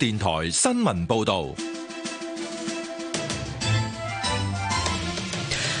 電台新聞報道。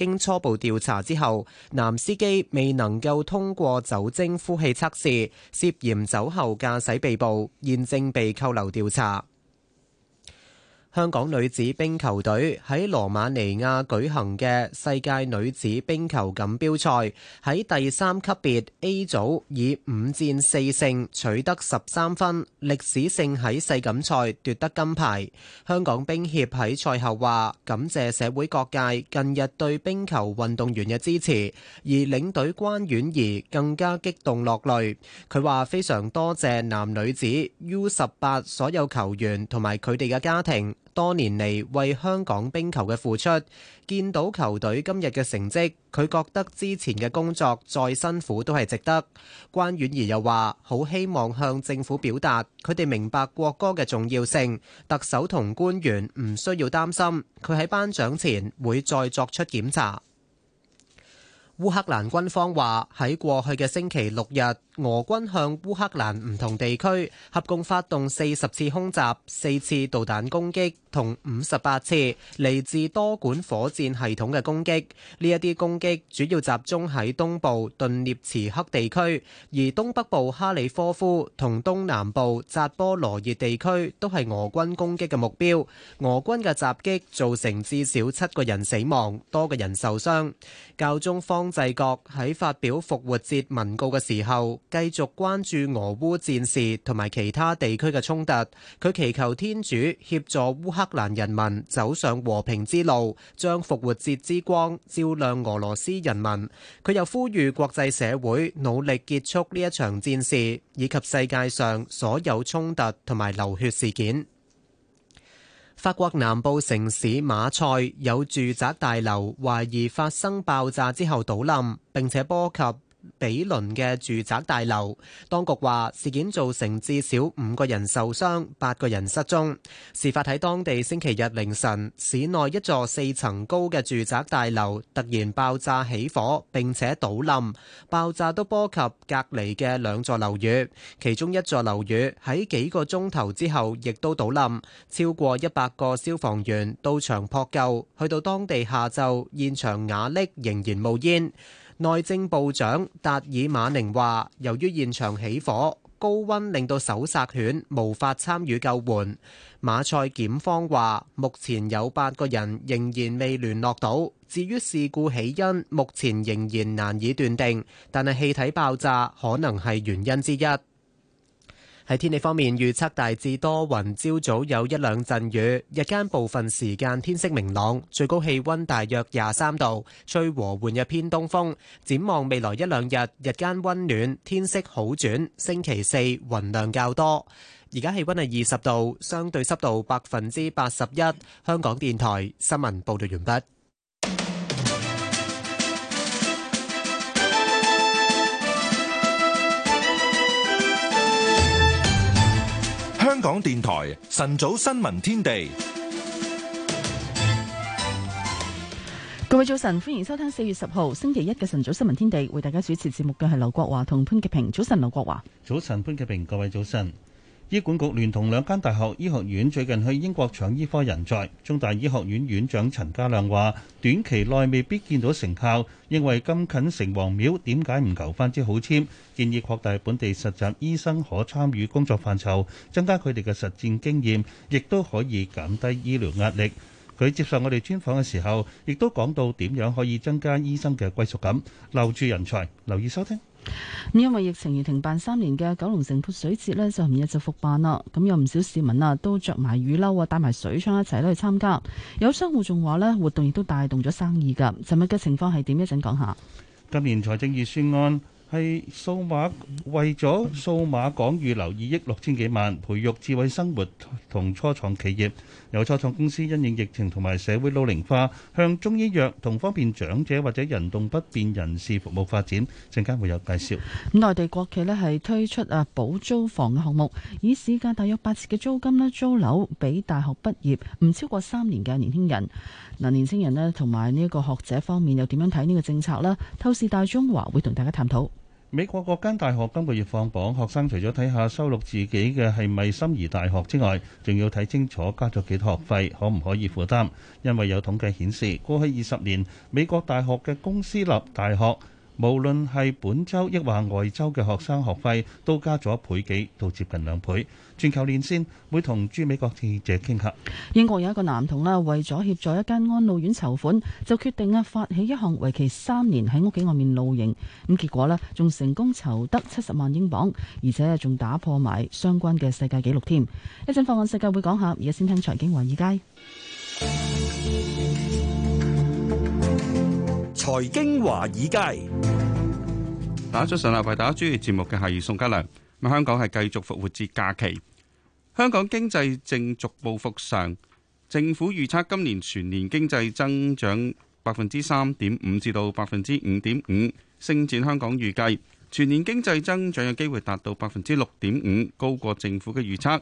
經初步調查之後，男司機未能夠通過酒精呼氣測試，涉嫌酒後駕駛被捕，現正被扣留調查。香港女子冰球隊喺羅馬尼亞舉行嘅世界女子冰球錦標賽喺第三級別 A 組以五戰四勝取得十三分，歷史性喺世錦賽奪得金牌。香港冰協喺賽後話，感謝社會各界近日對冰球運動員嘅支持，而領隊關婉儀更加激動落淚。佢話非常多謝男女子 U 十八所有球員同埋佢哋嘅家庭，多年嚟為香港冰球嘅付出，見到球隊今日嘅成績，佢覺得之前嘅工作再辛苦都係值得。關婉兒又話，好希望向政府表達佢哋明白國歌嘅重要性。特首同官員唔需要擔心，佢喺頒獎前會再作出檢查。烏克蘭軍方話喺過去嘅星期六日，俄軍向烏克蘭唔同地區合共發動四十次空襲、四次導彈攻擊同五十八次嚟自多管火箭系統嘅攻擊。呢一啲攻擊主要集中喺東部頓涅茨克地區，而東北部哈里科夫同東南部扎波羅熱地區都係俄軍攻擊嘅目標。俄軍嘅襲擊造成至少七個人死亡，多個人受傷。教宗方。制國喺發表復活節文告嘅時候，繼續關注俄烏戰事同埋其他地區嘅衝突。佢祈求天主協助烏克蘭人民走上和平之路，將復活節之光照亮俄羅斯人民。佢又呼籲國際社會努力結束呢一場戰事，以及世界上所有衝突同埋流血事件。法國南部城市馬賽有住宅大樓懷疑發生爆炸之後倒冧，並且波及。比鄰嘅住宅大樓，當局話事件造成至少五個人受傷，八個人失蹤。事發喺當地星期日凌晨，市內一座四層高嘅住宅大樓突然爆炸起火並且倒冧，爆炸都波及隔離嘅兩座樓宇，其中一座樓宇喺幾個鐘頭之後亦都倒冧。超過一百個消防員到場撲救，去到當地下晝，現場瓦礫仍然冒煙。內政部長達爾馬寧話，由於現場起火高温令到搜救犬無法參與救援。馬賽檢方話，目前有八個人仍然未聯絡到。至於事故起因，目前仍然難以斷定，但係氣體爆炸可能係原因之一。喺天氣方面預測大致多雲，朝早有一兩陣雨，日間部分時間天色明朗，最高氣溫大約廿三度，吹和緩嘅偏東風。展望未來一兩日，日間溫暖，天色好轉。星期四雲量較多。而家氣溫係二十度，相對濕度百分之八十一。香港電台新聞報道完畢。香港電台晨早新聞天地，各位早晨，歡迎收聽四月十號星期一嘅晨早新聞天地，為大家主持節目嘅係劉國華同潘潔平。早晨，劉國華。早晨，潘潔平。各位早晨。醫管局聯同兩間大學醫學院最近去英國搶醫科人才。中大醫學院院長陳家亮話：短期內未必見到成效，認為咁近城隍廟，點解唔求翻支好簽？建議擴大本地實習醫生可參與工作範疇，增加佢哋嘅實戰經驗，亦都可以減低醫療壓力。佢接受我哋專訪嘅時候，亦都講到點樣可以增加醫生嘅歸屬感，留住人才。留意收聽。因為疫情而停辦三年嘅九龍城潑水節呢，就尋日就復辦啦。咁、嗯、有唔少市民啊，都着埋雨褸啊，帶埋水槍一齊去參加。有商戶仲話呢活動亦都帶動咗生意噶。今日嘅情況係點？一陣講下。今年財政預算案係數碼，為咗數碼港預留二億六千幾萬，培育智慧生活同初創企業。有初創公司因應疫情同埋社會老齡化，向中醫藥同方便長者或者行動不便人士服務發展。陣間會有介紹。咁內地國企呢，係推出啊保租房嘅項目，以市價大約八折嘅租金呢租樓俾大學畢業唔超過三年嘅年輕人。嗱、啊，年輕人呢，同埋呢一個學者方面又點樣睇呢個政策呢？透視大中華會同大家探討。美國各間大學今個月放榜，學生除咗睇下收錄自己嘅係咪心儀大學之外，仲要睇清楚加咗幾多學費，可唔可以負擔？因為有統計顯示，過去二十年美國大學嘅公私立大學，無論係本州抑或外州嘅學生，學費都加咗一倍幾到接近兩倍。全球連線會同駐美國記者傾偈。英國有一個男童啦，為咗協助一間安老院籌款，就決定啊發起一項為期三年喺屋企外面露營。咁結果咧，仲成功籌得七十萬英鎊，而且仲打破埋相關嘅世界紀錄添。一陣放眼世界會講下，而家先聽財經華爾街。財經華爾街，打咗上嚟為大家專業節目嘅係宋家良。咁香港係繼續復活節假期，香港經濟正逐步復常。政府預測今年全年經濟增長百分之三點五至到百分之五點五，星展香港預計全年經濟增長有機會達到百分之六點五，高過政府嘅預測。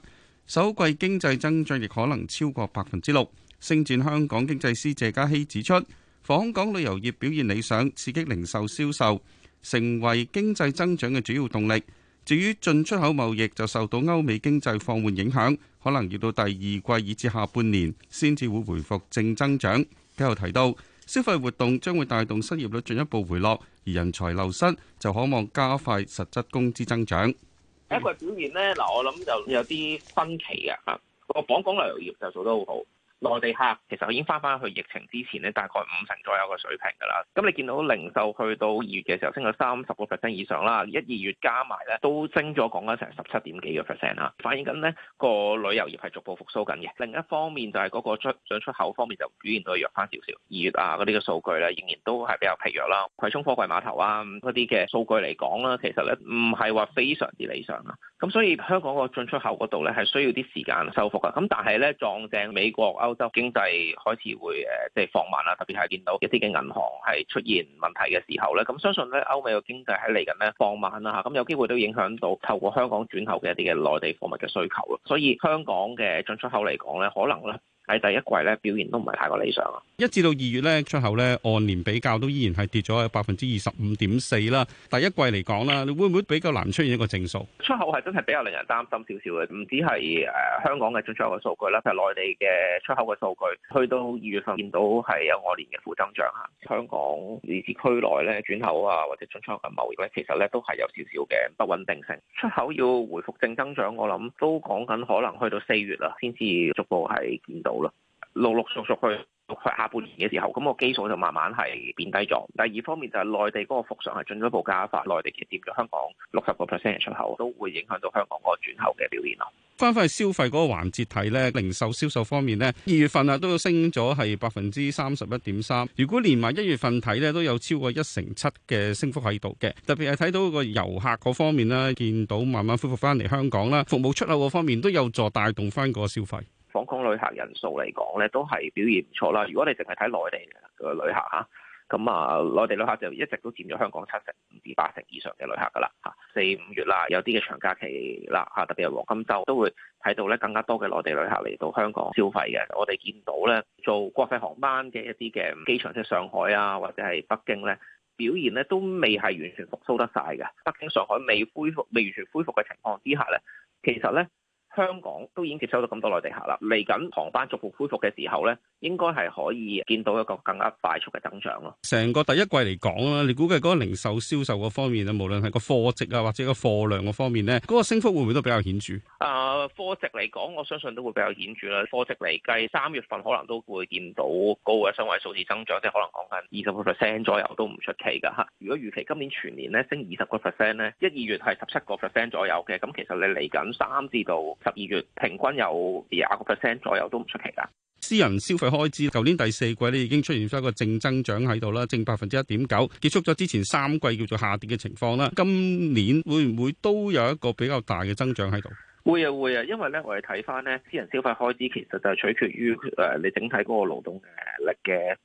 首季經濟增長亦可能超過百分之六。星展香港經濟師謝家熙指出，訪港旅遊業表現理想，刺激零售銷售，成為經濟增長嘅主要動力。至於進出口貿易，就受到歐美經濟放緩影響，可能要到第二季以至下半年，先至會回復正增長。之後提到消費活動將會帶動失業率進一步回落，而人才流失就可望加快實質工資增長。一個表現咧，嗱，我諗就有啲分歧嘅吓，個訪港旅遊業就做得好好。內地客其實已經返返去疫情之前咧，大概五成左右嘅水平㗎啦。咁你見到零售去到二月嘅時候升咗三十個 percent 以上啦，一、二月加埋咧都升咗講緊成十七點幾個 percent 啦，反映緊咧個旅遊業係逐步復甦緊嘅。另一方面就係嗰個出進出口方面就表現到弱返少少，二月啊嗰啲嘅數據咧仍然都係比較疲弱啦。葵涌貨櫃碼頭啊嗰啲嘅數據嚟講啦，其實咧唔係話非常之理想啊。咁所以香港個進出口嗰度咧係需要啲時間修復嘅。咁但係咧撞正美國啊～歐洲經濟開始會誒，即係放慢啦，特別係見到一啲嘅銀行係出現問題嘅時候咧，咁相信咧歐美嘅經濟喺嚟緊咧放慢啦嚇，咁有機會都影響到透過香港轉口嘅一啲嘅內地貨物嘅需求啦，所以香港嘅進出口嚟講咧，可能咧。喺第一季咧表現都唔係太過理想啊！一至到二月咧出口咧按年比較都依然係跌咗百分之二十五點四啦。第一季嚟講啦，會唔會比較難出現一個正數？出口係真係比較令人擔心少少嘅，唔止係誒香港嘅進出口嘅數據啦，就係、是、內地嘅出口嘅數據，去到二月份見到係有按年嘅負增長嚇。香港以至區內咧轉口啊，或者進出口嘅貿易咧，其實咧都係有少少嘅不穩定性。出口要回復正增長，我諗都講緊可能去到四月啊，先至逐步係見到。好啦，陸陸續續去去下半年嘅時候，咁個基數就慢慢係變低咗。第二方面就係內地嗰個幅上係進咗一步加快，內地佔咗香港六十個 percent 嘅出口都會影響到香港個轉口嘅表現咯。翻返去消費嗰個環節睇咧，零售銷售方面咧，二月份啊都有升咗係百分之三十一點三。如果連埋一月份睇咧，都有超過一成七嘅升幅喺度嘅。特別係睇到個遊客嗰方面咧，見到慢慢恢復翻嚟香港啦，服務出口嗰方面都有助帶動翻個消費。訪港旅客人數嚟講咧，都係表現唔錯啦。如果你淨係睇內地嘅旅客嚇，咁啊內地旅客就一直都佔咗香港七成五至八成以上嘅旅客噶啦嚇。四五月啦，有啲嘅長假期啦嚇，特別係黃金周，都會睇到咧更加多嘅內地旅客嚟到香港消費嘅。我哋見到咧做國際航班嘅一啲嘅機場，即係上海啊或者係北京咧，表現咧都未係完全復甦得晒嘅。北京、上海未恢復、未完全恢復嘅情況之下咧，其實咧。香港都已經接收到咁多內地客啦，嚟緊航班逐步恢復嘅時候咧，應該係可以見到一個更加快速嘅增長咯。成個第一季嚟講啦，你估計嗰個零售銷售個方面啊，無論係個貨值啊或者個貨量個方面咧，嗰個升幅會唔會都比較顯著？誒、呃，貨值嚟講，我相信都會比較顯著啦。貨值嚟計，三月份可能都會見到高嘅雙位數字增長，即係可能講緊二十個 percent 左右都唔出奇噶吓。如果預期今年全年咧升二十個 percent 咧，一二月係十七個 percent 左右嘅，咁其實你嚟緊三至到十二月平均有廿個 percent 左右都唔出奇㗎。私人消費開支，舊年第四季咧已經出現咗一個正增長喺度啦，正百分之一點九，結束咗之前三季叫做下跌嘅情況啦。今年會唔會都有一個比較大嘅增長喺度？會啊會啊，因為咧我哋睇返咧私人消費開支其實就係取決於誒、呃、你整體嗰個勞動誒力嘅。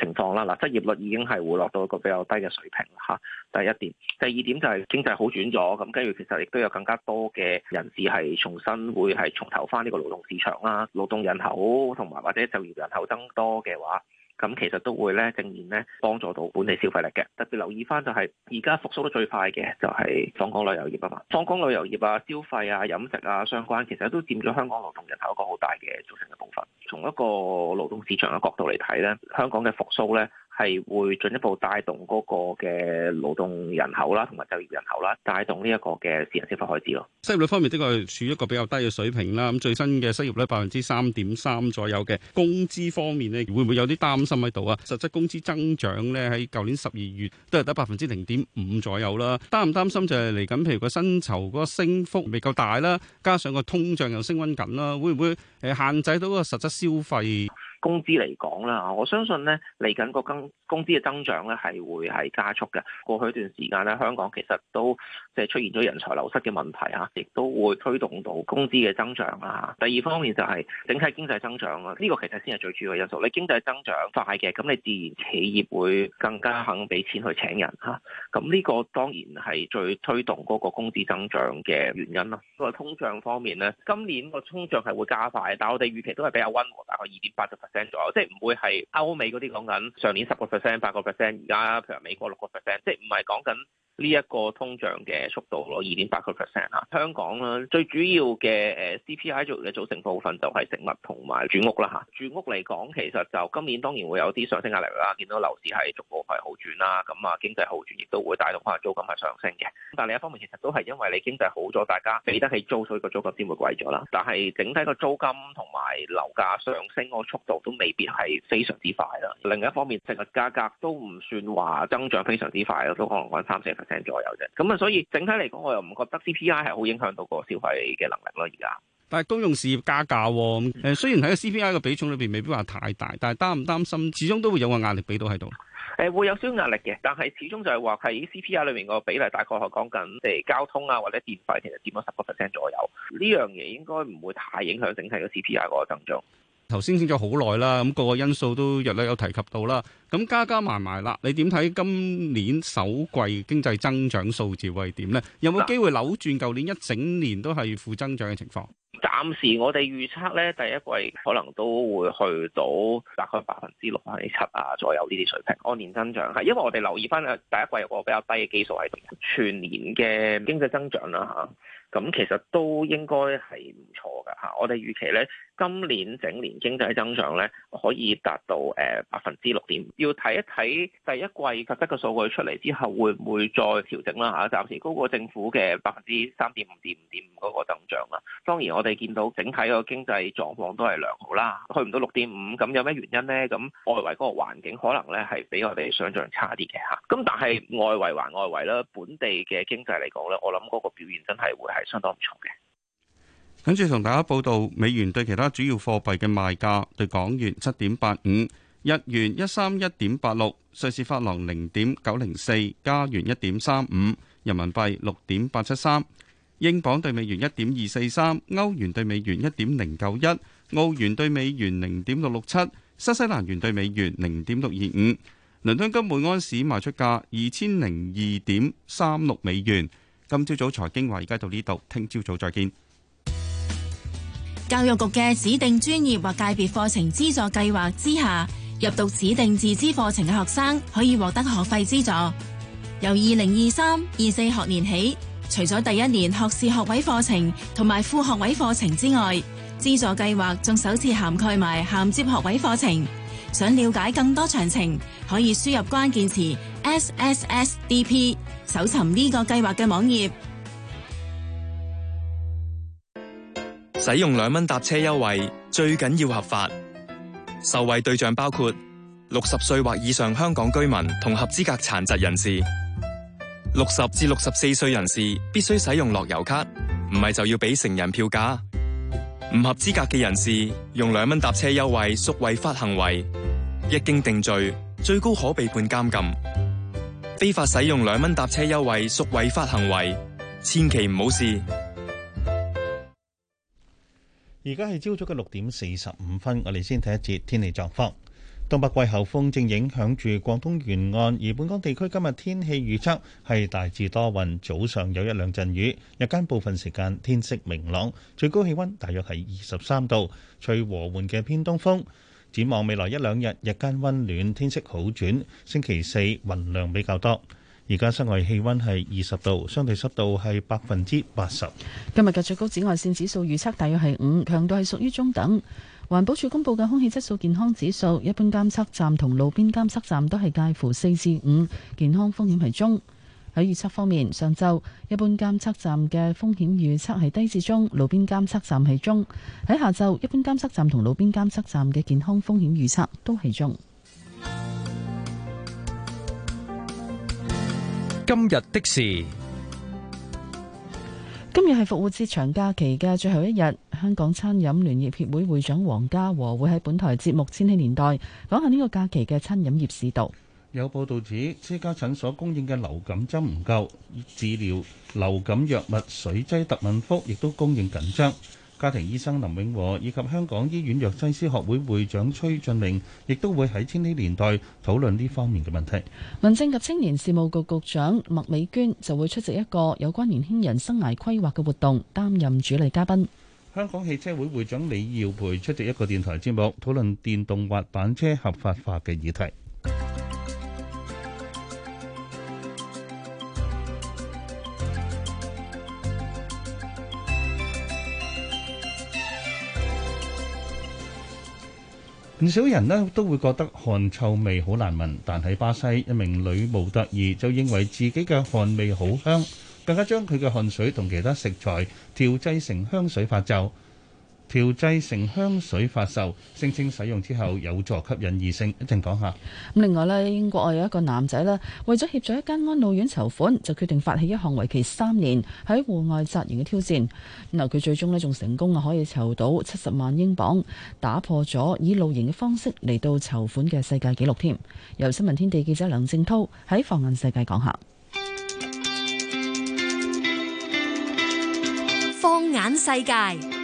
情況啦，嗱，失業率已經係回落到一個比較低嘅水平嚇。第一點，第二點就係經濟好轉咗，咁跟住其實亦都有更加多嘅人士係重新會係重投翻呢個勞動市場啦，勞動人口同埋或者就業人口增多嘅話。咁其實都會咧，正面咧幫助到本地消費力嘅。特別留意返就係而家復甦得最快嘅就係香港旅遊業啊嘛。香港旅遊業啊、消費啊、飲食啊相關，其實都佔咗香港勞動人口一個好大嘅組成嘅部分。從一個勞動市場嘅角度嚟睇咧，香港嘅復甦咧。係會進一步帶動嗰個嘅勞動人口啦，同埋就業人口啦，帶動呢一個嘅私人消費開支咯。失業率方面，的確係處於一個比較低嘅水平啦。咁最新嘅失業率百分之三點三左右嘅。工資方面呢，會唔會有啲擔心喺度啊？實質工資增長咧，喺舊年十二月都係得百分之零點五左右啦。擔唔擔心就係嚟緊？譬如個薪酬嗰個升幅未夠大啦，加上個通脹又升温緊啦，會唔會誒限制到個實質消費？工資嚟講啦，我相信咧嚟緊個工工資嘅增長咧係會係加速嘅。過去一段時間咧，香港其實都即係出現咗人才流失嘅問題嚇，亦都會推動到工資嘅增長啊。第二方面就係整體經濟增長啊，呢個其實先係最主要嘅因素。你經濟增長快嘅，咁你自然企業會更加肯俾錢去請人嚇。咁呢個當然係最推動嗰個工資增長嘅原因咯。個通脹方面咧，今年個通脹係會加快，但我哋預期都係比較溫和，大概二點八個百分。percent 即係唔會係歐美嗰啲講緊上年十個 percent、八個 percent，而家譬如美國六個 percent，即係唔係講緊呢一個通脹嘅速度咯，二點八個 percent 啊。香港咧最主要嘅誒 CPI 做嘅組成部分就係食物同埋住屋啦嚇。住屋嚟講，其實就今年當然會有啲上升壓力啦，見到樓市係逐步係好轉啦，咁啊經濟好轉亦都會帶動翻租金係上升嘅。但另一方面，其實都係因為你經濟好咗，大家俾得起租，所以個租金先會貴咗啦。但係整體個租金同埋樓價上升個速度。都未必係非常之快啦。另一方面，食物價格都唔算話增長非常之快咯，都可能揾三四 percent 左右啫。咁啊，所以整體嚟講，我又唔覺得 CPI 係好影響到個消費嘅能力咯。而家，但係公用事業加價、啊，誒雖然喺個 CPI 嘅比重裏邊未必話太大，但係擔唔擔心？始終都會有個壓力俾到喺度。誒會有少少壓力嘅，但係始終就係話喺 CPI 裏邊個比例大概係講緊誒交通啊或者電費，其實佔咗十個 percent 左右。呢樣嘢應該唔會太影響整體個 CPI 個增長。頭先傾咗好耐啦，咁個個因素都略略有提及到啦。咁加加埋埋啦，你點睇今年首季經濟增長數字會係點呢？有冇機會扭轉舊年一整年都係負增長嘅情況？暫時我哋預測呢，第一季可能都會去到大概百分之六，啊，七啊，左右呢啲水平按年增長係，因為我哋留意翻第一季有個比較低嘅基數喺全年嘅經濟增長啦吓，咁，啊，其實都應該係唔錯噶吓，啊。我哋預期呢。今年整年經濟增長咧可以達到誒百分之六點五，要睇一睇第一季實質嘅數據出嚟之後會唔會再調整啦嚇？暫時高過政府嘅百分之三點五、至五點五嗰個增長啦。當然我哋見到整體個經濟狀況都係良好啦，去唔到六點五咁有咩原因咧？咁外圍嗰個環境可能咧係比我哋想象差啲嘅嚇。咁但係外圍還外圍啦，本地嘅經濟嚟講咧，我諗嗰個表現真係會係相當唔錯嘅。跟住同大家報道美元對其他主要貨幣嘅賣價，對港元七點八五，日元一三一點八六，瑞士法郎零點九零四，加元一點三五，人民幣六點八七三，英鎊對美元一點二四三，歐元對美元一點零九一，澳元對美元零點六六七，新西蘭元對美元零點六二五。倫敦金每安士賣出價二千零二點三六美元。今朝早財經話而家到呢度，聽朝早再見。教育局嘅指定專業或界別課程資助計劃之下，入讀指定自資課程嘅學生可以獲得學費資助。由二零二三二四學年起，除咗第一年學士學位課程同埋副學位課程之外，資助計劃仲首次涵蓋埋銜接學位課程。想了解更多詳情，可以輸入關鍵詞 SSSDP，搜尋呢個計劃嘅網頁。使用兩蚊搭車優惠最緊要合法，受惠對象包括六十歲或以上香港居民同合資格殘疾人士，六十至六十四歲人士必須使用樂悠卡，唔係就要俾成人票價。唔合資格嘅人士用兩蚊搭車優惠屬違法行為，一經定罪，最高可被判監禁。非法使用兩蚊搭車優惠屬違法行為，千祈唔好試。而家係朝早嘅六點四十五分，我哋先睇一節天氣狀況。東北季候風正影響住廣東沿岸，而本港地區今日天氣預測係大致多雲，早上有一兩陣雨，日間部分時間天色明朗，最高氣溫大約係二十三度，吹和緩嘅偏東風。展望未來一兩日，日間溫暖，天色好轉，星期四雲量比較多。而家室外氣溫係二十度，相對濕度係百分之八十。今日嘅最高紫外線指數預測大約係五，強度係屬於中等。環保署公布嘅空氣質素健康指數，一般監測站同路邊監測站都係介乎四至五，健康風險係中。喺預測方面，上晝一般監測站嘅風險預測係低至中，路邊監測站係中。喺下晝，一般監測站同路邊監測站嘅健康風險預測都係中。今日的事，今日係復活節長假期嘅最後一日。香港餐飲聯業協會會長黃家和會喺本台節目《千禧年代》講下呢個假期嘅餐飲業市道。有報道指，私家診所供應嘅流感針唔夠，而治療流感藥物水劑特敏福亦都供應緊張。家庭醫生林永和以及香港醫院藥劑師學會,會會長崔俊明，亦都會喺清氣年代討論呢方面嘅問題。民政及青年事務局局,局長麥美娟就會出席一個有關年輕人生涯規劃嘅活動，擔任主禮嘉賓。香港汽車會會長李耀培出席一個電台節目，討論電動滑板車合法化嘅議題。唔少人呢都會覺得汗臭味好難聞，但喺巴西，一名女模特兒就認為自己嘅汗味好香，更加將佢嘅汗水同其他食材調製成香水發售。調製成香水發售，聲稱使用之後有助吸引異性。一陣講下。咁另外咧，英國有一個男仔咧，為咗協助一間安老院籌款，就決定發起一項為期三年喺戶外紮營嘅挑戰。咁佢最終咧仲成功啊可以籌到七十萬英鎊，打破咗以露營嘅方式嚟到籌款嘅世界紀錄添。由新聞天地記者梁正濤喺放眼世界講下。放眼世界。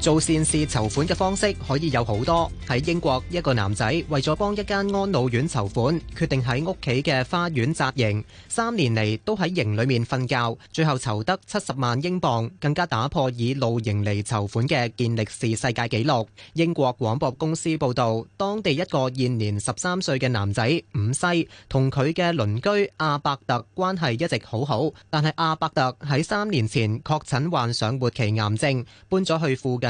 做善事籌款嘅方式可以有好多。喺英國，一個男仔為咗幫一間安老院籌款，決定喺屋企嘅花園紮營，三年嚟都喺營裏面瞓覺，最後籌得七十萬英鎊，更加打破以露營嚟籌款嘅健力士世界紀錄。英國廣播公司報導，當地一個現年十三歲嘅男仔伍西，同佢嘅鄰居阿伯特關係一直好好，但係阿伯特喺三年前確診患上末期癌症，搬咗去附近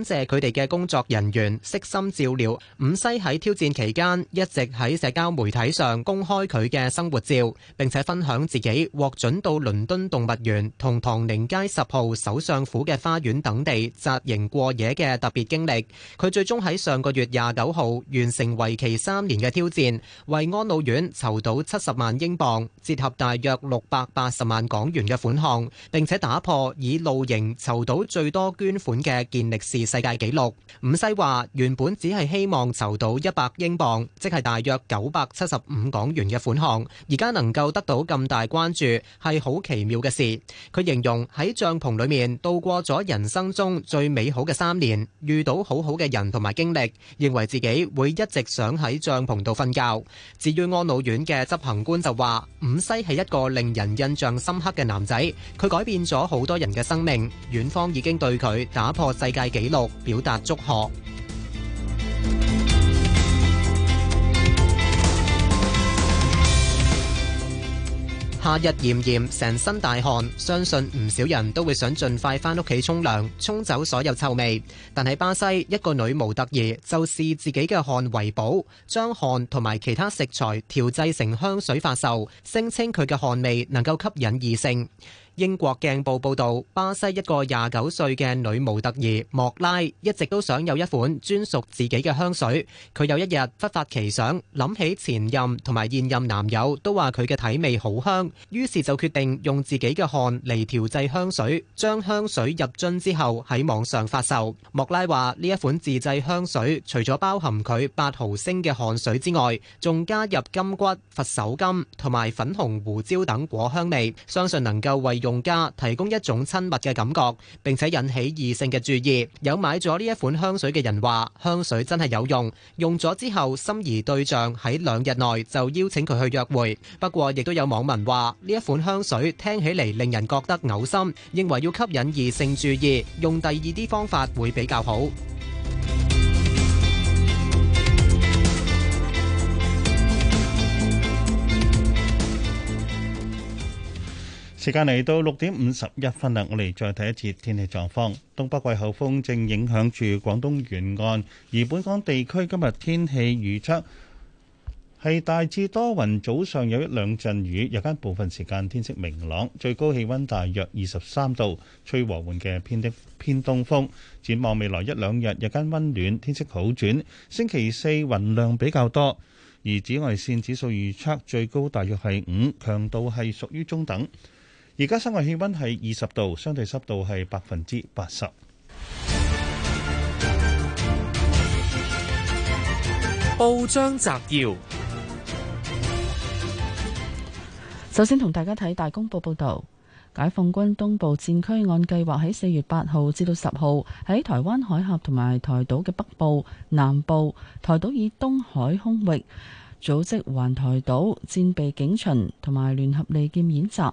感謝佢哋嘅工作人員悉心照料。伍西喺挑戰期間一直喺社交媒體上公開佢嘅生活照，並且分享自己獲准到倫敦動物園同唐寧街十號首相府嘅花園等地紮營過夜嘅特別經歷。佢最終喺上個月廿九號完成為期三年嘅挑戰，為安老院籌到七十萬英鎊，折合大約六百八十萬港元嘅款項，並且打破以露營籌到最多捐款嘅健力士世界紀錄。伍西話：原本只係希望籌到一百英鎊，即係大約九百七十五港元嘅款項。而家能夠得到咁大關注，係好奇妙嘅事。佢形容喺帳篷裏面度過咗人生中最美好嘅三年，遇到好好嘅人同埋經歷，認為自己會一直想喺帳篷度瞓覺。至於安老院嘅執行官就話：伍西係一個令人印象深刻嘅男仔，佢改變咗好多人嘅生命。院方已經對佢打破世界紀錄。表達祝賀。夏日炎炎，成身大汗，相信唔少人都會想盡快返屋企沖涼，沖走所有臭味。但喺巴西，一個女模特兒就視自己嘅汗為寶，將汗同埋其他食材調製成香水發售，聲稱佢嘅汗味能夠吸引異性。英國鏡報報導，巴西一個廿九歲嘅女模特兒莫拉一直都想有一款專屬自己嘅香水。佢有一日忽發奇想，諗起前任同埋現任男友都話佢嘅體味好香，於是就決定用自己嘅汗嚟調製香水，將香水入樽之後喺網上發售。莫拉話：呢一款自製香水除咗包含佢八毫升嘅汗水之外，仲加入金骨、佛手柑同埋粉紅胡椒等果香味，相信能夠為用家提供一種親密嘅感覺，並且引起異性嘅注意。有買咗呢一款香水嘅人話，香水真係有用，用咗之後心儀對象喺兩日內就邀請佢去約會。不過亦都有網民話，呢一款香水聽起嚟令人覺得嘔心，認為要吸引異性注意，用第二啲方法會比較好。時間嚟到六點五十一分啦，我哋再睇一次天氣狀況。東北季候風正影響住廣東沿岸，而本港地區今日天，天氣預測係大致多雲，早上有一兩陣雨，日間部分時間天色明朗，最高氣温大約二十三度，吹和緩嘅偏東偏東風。展望未來一兩日，日間温暖，天色好轉。星期四雲量比較多，而紫外線指數預測最高大約係五，強度係屬於中等。而家室外氣温係二十度，相對濕度係百分之八十。報章摘要，首先同大家睇大公報報導，解放軍東部戰區按計劃喺四月八號至到十號喺台灣海峽同埋台島嘅北部、南部、台島以東海空域組織環台島戰備警巡同埋聯合利劍演習。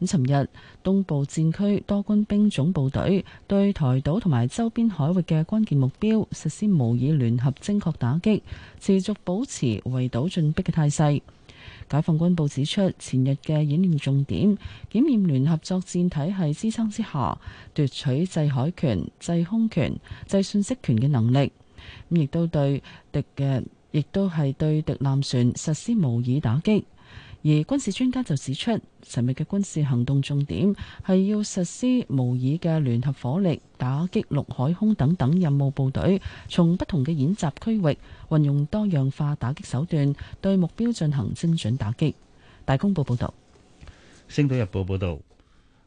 咁，尋日東部戰區多軍兵種部隊對台島同埋周邊海域嘅關鍵目標實施模擬聯合精確打擊，持續保持圍島進逼嘅態勢。解放軍報指出，前日嘅演練重點檢驗聯合作戰體系支撐之下奪取制海權、制空權、制信息權嘅能力，亦都對敵嘅，亦都係對敵艦船實施模擬打擊。而軍事專家就指出，神秘嘅軍事行動重點係要實施模擬嘅聯合火力打擊陸海空等等任務部隊，從不同嘅演習區域運用多樣化打擊手段對目標進行精準打擊。大公報報道。《星島日報》報導。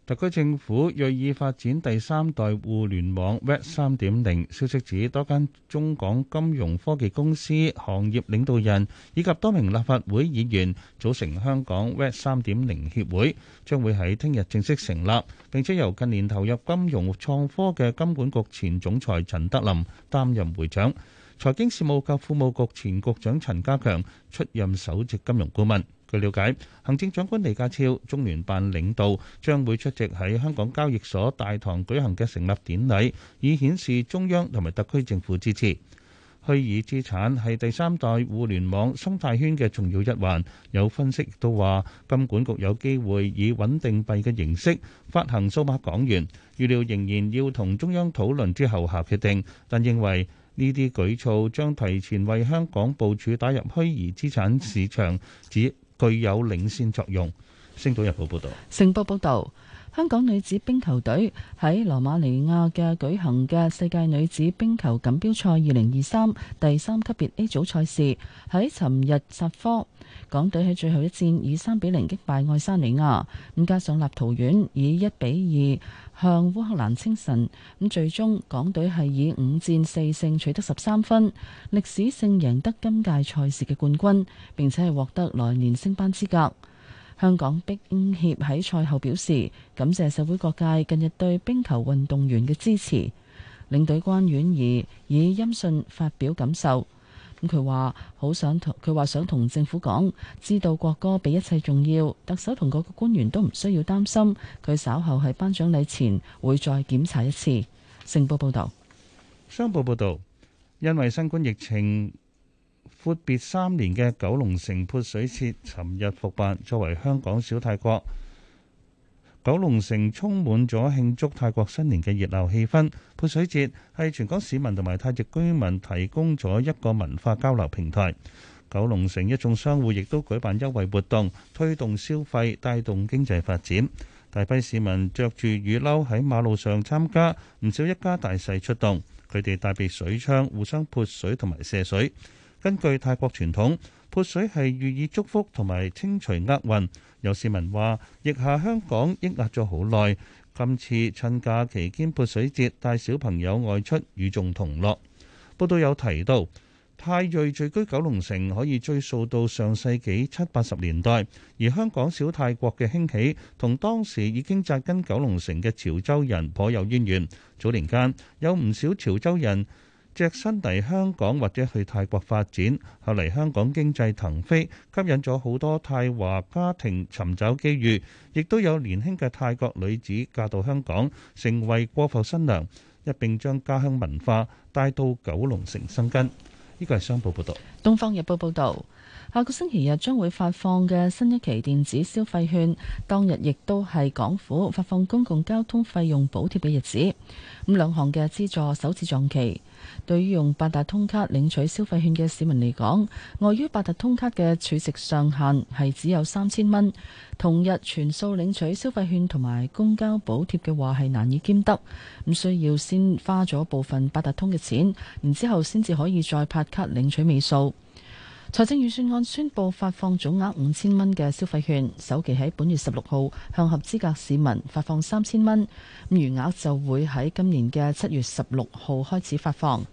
特區政府鋭意發展第三代互聯網 Web 3.0。消息指，多間中港金融科技公司、行業領導人以及多名立法會議員組成香港 Web 3.0協會，將會喺聽日正式成立，並且由近年投入金融創科嘅金管局前總裁陳德霖擔任會長，財經事務及庫務局前局長陳家強出任首席金融顧問。據了解，行政長官李家超、中聯辦領導將會出席喺香港交易所大堂舉行嘅成立典禮，以顯示中央同埋特區政府支持。虛擬資產係第三代互聯網生態圈嘅重要一環，有分析亦都話，金管局有機會以穩定幣嘅形式發行數碼港元，預料仍然要同中央討論之後下決定，但認為呢啲舉措將提前為香港部署打入虛擬資產市場。指具有領先作用。星島日報報道。星報報導。香港女子冰球隊喺羅馬尼亞嘅舉行嘅世界女子冰球錦標賽二零二三第三級別 A 組賽事喺尋日煞科，港隊喺最後一戰以三比零擊敗愛沙尼亞，咁加上立陶宛以一比二向烏克蘭稱臣。咁最終港隊係以五戰四勝取得十三分，歷史性贏得今屆賽事嘅冠軍，並且係獲得來年升班資格。香港冰協喺賽後表示感謝社會各界近日對冰球運動員嘅支持，領隊關婉怡以音訊發表感受。咁佢話好想同佢話想同政府講，知道國歌比一切重要。特首同各個官員都唔需要擔心，佢稍後喺頒獎禮前會再檢查一次。成報報道，商報報道，因為新冠疫情。闊別三年嘅九龍城潑水節，尋日復辦，作為香港小泰國九龍城充滿咗慶祝泰國新年嘅熱鬧氣氛。潑水節係全港市民同埋泰籍居民提供咗一個文化交流平台。九龍城一眾商戶亦都舉辦優惠活動，推動消費，帶動經濟發展。大批市民着住雨褸喺馬路上參加，唔少一家大細出動，佢哋帶備水槍互相潑水同埋射水。根據泰國傳統，潑水係寓意祝福同埋清除厄運。有市民話：疫下香港抑壓咗好耐，今次趁假期兼潑水節，帶小朋友外出與眾同樂。報道有提到，泰裔聚居九龍城可以追溯到上世紀七八十年代，而香港小泰國嘅興起，同當時已經扎根九龍城嘅潮州人頗有淵源。早年間，有唔少潮州人。隻身嚟香港或者去泰國發展，後嚟香港經濟騰飛，吸引咗好多泰華家庭尋找機遇，亦都有年輕嘅泰國女子嫁到香港，成為過埠新娘，一併將家鄉文化帶到九龍城生根。呢個係商報報道。東方日報報道，下個星期日將會發放嘅新一期電子消費券，當日亦都係港府發放公共交通費用補貼嘅日子。咁兩項嘅資助首次撞期。對於用八達通卡領取消費券嘅市民嚟講，礙於八達通卡嘅儲值上限係只有三千蚊，同日全數領取消費券同埋公交補貼嘅話係難以兼得，咁需要先花咗部分八達通嘅錢，然之後先至可以再拍卡領取尾數。財政預算案宣布發放總額五千蚊嘅消費券，首期喺本月十六號向合資格市民發放三千蚊，餘額就會喺今年嘅七月十六號開始發放。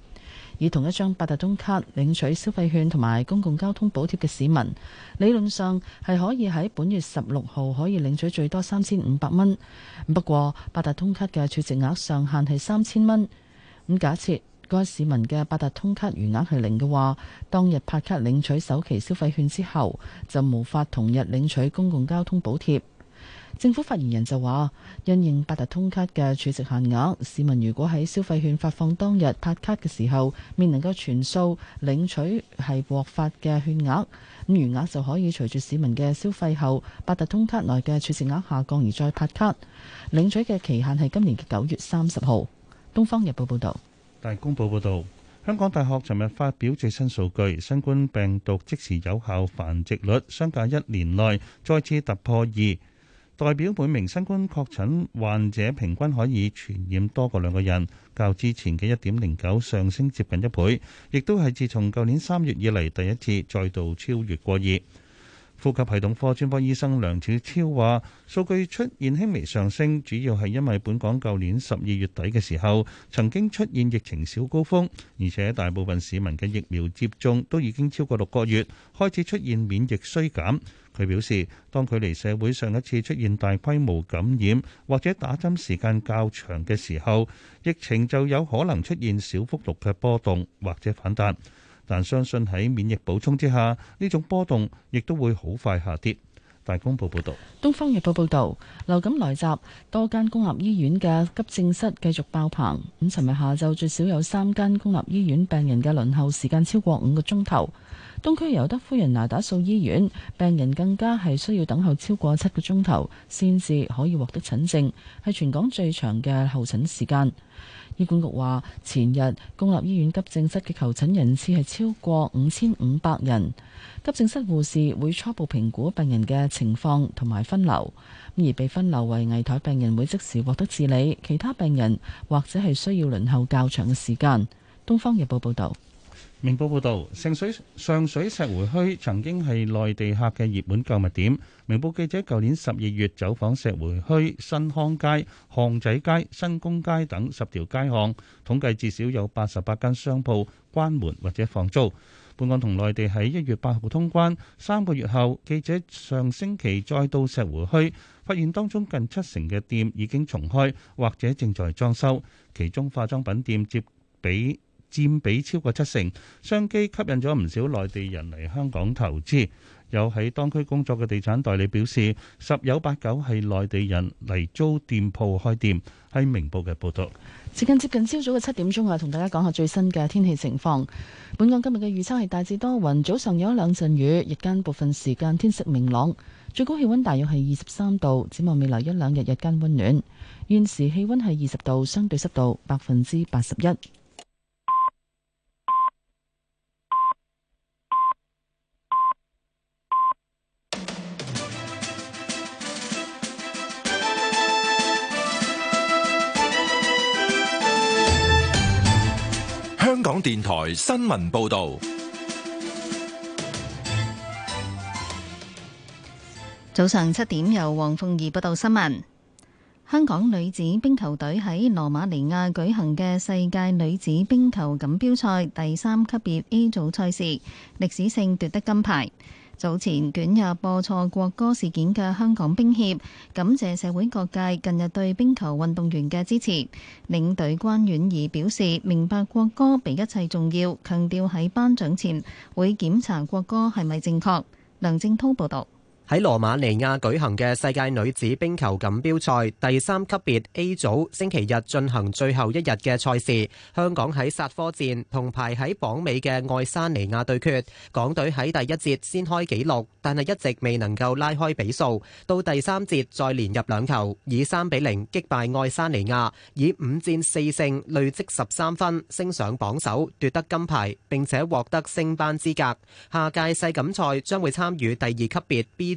以同一張八達通卡領取消費券同埋公共交通補貼嘅市民，理論上係可以喺本月十六號可以領取最多三千五百蚊。不過，八達通卡嘅儲值額上限係三千蚊。咁假設該市民嘅八達通卡餘額係零嘅話，當日拍卡領取首期消費券之後，就無法同日領取公共交通補貼。政府發言人就話，因應八達通卡嘅儲值限額，市民如果喺消費券發放當日拍卡嘅時候，未能夠全數領取係獲發嘅券額，咁餘額就可以隨住市民嘅消費後八達通卡內嘅儲值額下降，而再拍卡領取嘅期限係今年嘅九月三十號，東方日報報道。大公報報導，香港大學尋日發表最新數據，新冠病毒即時有效繁殖率相隔一年內再次突破二，代表每名新冠確診患者平均可以傳染多過兩個人，較之前嘅一點零九上升接近一倍，亦都係自從舊年三月以嚟第一次再度超越過二。呼吸系統科專科醫生梁子超話：數據出現輕微上升，主要係因為本港舊年十二月底嘅時候曾經出現疫情小高峰，而且大部分市民嘅疫苗接種都已經超過六個月，開始出現免疫衰減。佢表示，當距離社會上一次出現大規模感染或者打針時間較長嘅時候，疫情就有可能出現小幅度嘅波動或者反彈。但相信喺免疫補充之下，呢種波動亦都會好快下跌。大公報報道，《東方日報》報道，流感來襲，多間公立醫院嘅急症室繼續爆棚。咁，尋日下晝最少有三間公立醫院病人嘅輪候時間超過五個鐘頭。東區尤德夫人拿打素醫院病人更加係需要等候超過七個鐘頭，先至可以獲得診症，係全港最長嘅候診時間。醫管局話，前日公立醫院急症室嘅求診人次係超過五千五百人。急症室護士會初步評估病人嘅情況同埋分流，而被分流為危殆病人會即時獲得治理，其他病人或者係需要輪候較長嘅時間。東方日報報道。明報報導，城水上水石湖墟曾經係內地客嘅熱門購物點。明報記者舊年十二月走訪石湖墟新康街、巷仔街、新公街等十條街巷，統計至少有八十八間商鋪關門或者放租。本港同內地喺一月八號通關三個月後，記者上星期再到石湖墟，發現當中近七成嘅店已經重開或者正在裝修，其中化妝品店接俾。佔比超過七成，商機吸引咗唔少內地人嚟香港投資。有喺當區工作嘅地產代理表示，十有八九係內地人嚟租店鋪開店。喺明報嘅報道。時間接近朝早嘅七點鐘啊，同大家講下最新嘅天氣情況。本港今日嘅預測係大致多雲，早上有一兩陣雨，日間部分時間天色明朗，最高氣温大約係二十三度。展望未來一兩日日間温暖，現時氣温係二十度，相對濕度百分之八十一。香港電台新聞報道，早上七點由黃鳳儀報道新聞。香港女子冰球隊喺羅馬尼亞舉行嘅世界女子冰球錦標賽第三級別 A 組賽事，歷史性奪得金牌。早前捲入播錯國歌事件嘅香港冰協感謝社會各界近日對冰球運動員嘅支持。領隊關婉儀表示明白國歌比一切重要，強調喺頒獎前會檢查國歌係咪正確，梁正濤報道。喺羅馬尼亞舉行嘅世界女子冰球錦標賽第三級別 A 組，星期日進行最後一日嘅賽事，香港喺薩科戰同排喺榜尾嘅愛沙尼亞對決，港隊喺第一節先開紀錄，但係一直未能夠拉開比數，到第三節再連入兩球，以三比零擊敗愛沙尼亞，以五戰四勝累積十三分，升上榜首奪得金牌，並且獲得升班資格，下屆世錦賽將會參與第二級別 B。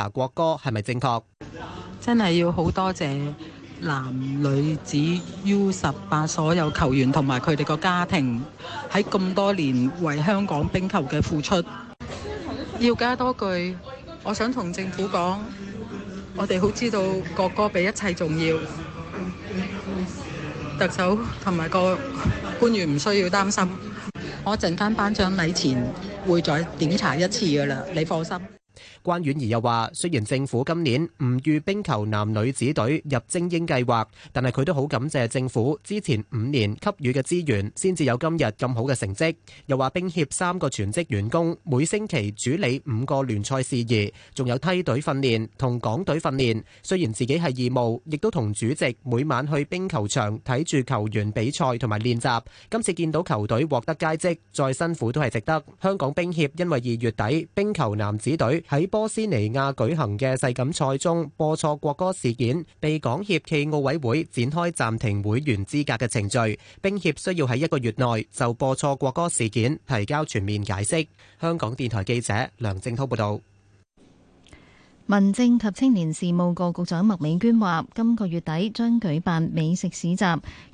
國歌係咪正確？真係要好多謝男女子 U 十八所有球員同埋佢哋個家庭喺咁多年為香港冰球嘅付出。要加多句，我想同政府講，我哋好知道國歌比一切重要。特首同埋個官員唔需要擔心，我陣間頒獎禮前會再檢查一次㗎喇，你放心。關婉儀又話：雖然政府今年唔預冰球男女子隊入精英計劃，但係佢都好感謝政府之前五年給予嘅資源，先至有今日咁好嘅成績。又話冰協三個全職員工每星期處理五個聯賽事宜，仲有梯隊訓練同港隊訓練。雖然自己係義務，亦都同主席每晚去冰球場睇住球員比賽同埋練習。今次見到球隊獲得佳績，再辛苦都係值得。香港冰協因為二月底冰球男子隊喺波斯尼亞舉行嘅世錦賽中播錯國歌事件，被港協暨奧委會展開暫停會員資格嘅程序，冰協需要喺一個月內就播錯國歌事件提交全面解釋。香港電台記者梁正滔報道，民政及青年事務局局長麥美娟話：今個月底將舉辦美食市集，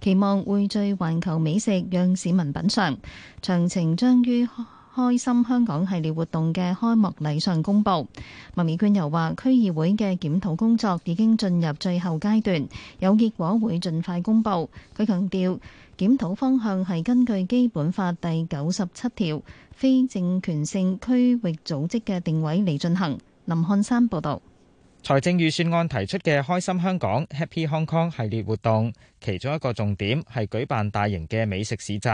期望匯聚環球美食，讓市民品嚐。詳情將於開心香港系列活動嘅開幕禮上公布，麥美娟又話區議會嘅檢討工作已經進入最後階段，有結果會盡快公布。佢強調檢討方向係根據基本法第九十七條非政權性區域組織嘅定位嚟進行。林漢山報道，財政預算案提出嘅開心香港 Happy Hong Kong 系列活動，其中一個重點係舉辦大型嘅美食市集。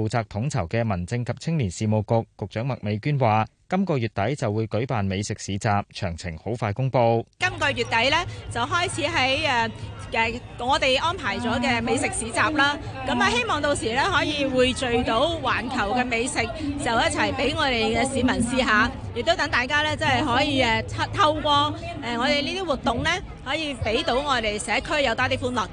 負責統籌嘅民政及青年事務局局長麥美娟話，今個月底就會舉辦美食市集，詳情好快公布。今個月底呢就開始喺，誒誒，我哋安排咗嘅美食市集啦。咁啊，希望到時呢可以匯聚到環球嘅美食，就一齊俾我哋嘅市民試下。亦都等大家咧，即係可以誒，透過誒我哋呢啲活動咧，可以俾到我哋社區有多啲歡樂。誒，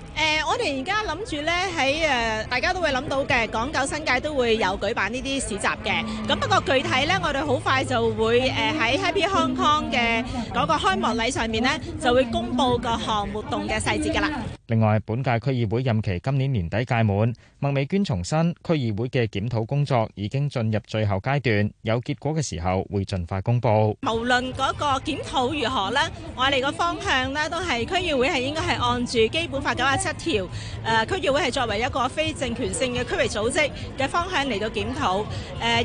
我哋而家諗住咧喺誒，大家都會諗到嘅，港九新界都會有舉辦呢啲市集嘅。咁不過具體咧，我哋好快就會誒喺 Happy Hong Kong 嘅嗰個開幕禮上面咧，就會公佈各項活動嘅細節㗎啦。另外，本屆區議會任期今年年底屆滿，麥美娟重申區議會嘅檢討工作已經進入最後階段，有結果嘅時候會盡快公布，無論嗰個檢討如何呢，我哋個方向呢都係區議會係應該係按住基本法九十七條。誒，區議會係作為一個非政權性嘅區域組織嘅方向嚟到檢討。誒，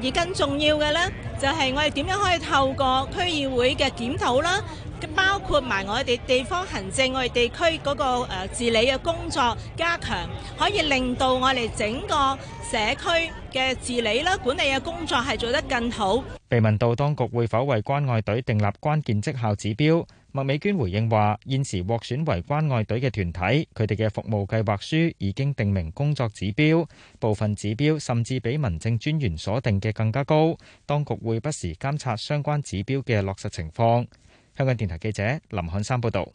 而更重要嘅呢，就係我哋點樣可以透過區議會嘅檢討啦。包括埋我哋地方行政，我哋地區嗰個誒治理嘅工作加強，可以令到我哋整個社區嘅治理啦、管理嘅工作係做得更好。被問到當局會否為關愛隊訂立關鍵績效指標，麥美娟回應話：現時獲選為關愛隊嘅團體，佢哋嘅服務計劃書已經定明工作指標，部分指標甚至比民政專員所定嘅更加高。當局會不時監察相關指標嘅落實情況。香港電台記者林漢山報道，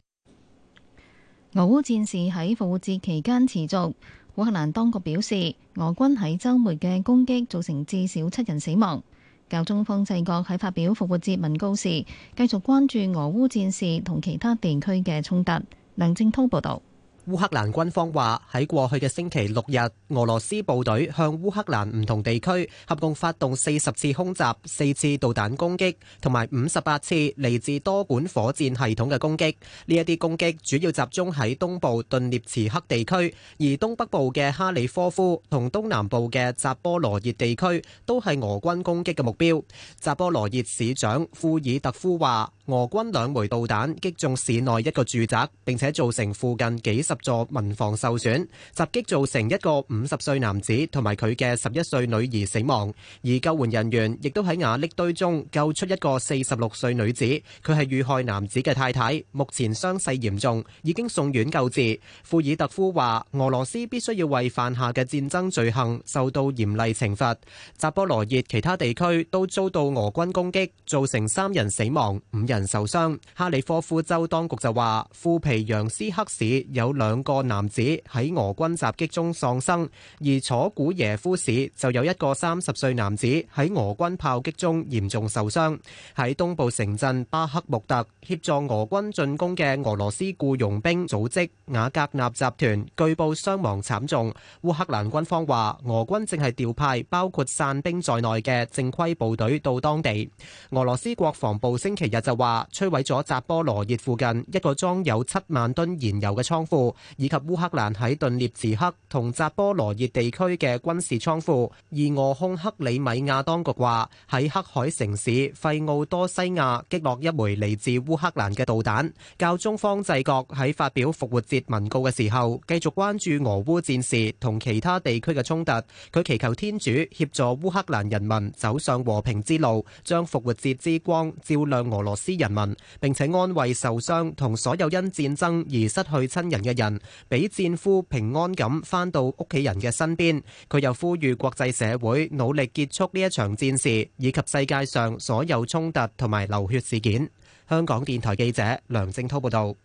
俄烏戰事喺復活節期間持續。烏克蘭當局表示，俄軍喺周末嘅攻擊造成至少七人死亡。教宗方濟各喺發表復活節文告時，繼續關注俄烏戰事同其他地區嘅衝突。梁正濤報道。烏克蘭軍方話喺過去嘅星期六日，俄羅斯部隊向烏克蘭唔同地區合共發動四十次空襲、四次導彈攻擊，同埋五十八次嚟自多管火箭系統嘅攻擊。呢一啲攻擊主要集中喺東部頓涅茨克地區，而東北部嘅哈里科夫同東南部嘅扎波羅熱地區都係俄軍攻擊嘅目標。扎波羅熱市長庫爾特夫話。俄軍兩枚導彈擊中市內一個住宅，並且造成附近幾十座民房受損。襲擊造成一個五十歲男子同埋佢嘅十一歲女兒死亡，而救援人員亦都喺瓦礫堆中救出一個四十六歲女子，佢係遇害男子嘅太太，目前傷勢嚴重，已經送院救治。庫爾特夫話：俄羅斯必須要為犯下嘅戰爭罪行受到嚴厲懲罰。扎波羅熱其他地區都遭到俄軍攻擊，造成三人死亡，五人人受傷，哈里科夫州當局就話庫皮揚斯克市有兩個男子喺俄軍襲擊中喪生，而楚古耶夫市就有一個三十歲男子喺俄軍炮擊中嚴重受傷，喺東部城鎮巴克穆特協助俄軍進攻嘅俄羅斯僱傭兵組織瓦格納集團據報傷亡慘重。烏克蘭軍方話俄軍正係調派包括散兵在內嘅正規部隊到當地。俄羅斯國防部星期日就話。話摧毀咗扎波羅熱附近一個裝有七萬噸燃油嘅倉庫，以及烏克蘭喺頓涅茨克同扎波羅熱地區嘅軍事倉庫。而俄控克里米亞當局話喺黑海城市費奧多西亞擊落一枚嚟自烏克蘭嘅導彈。教宗方濟各喺發表復活節文告嘅時候，繼續關注俄烏戰事同其他地區嘅衝突。佢祈求天主協助烏克蘭人民走上和平之路，將復活節之光照亮俄羅斯。人民，並且安慰受傷同所有因戰爭而失去親人嘅人，俾戰俘平安咁翻到屋企人嘅身邊，佢又呼籲國際社會努力結束呢一場戰事，以及世界上所有衝突同埋流血事件。香港電台記者梁正濤報道。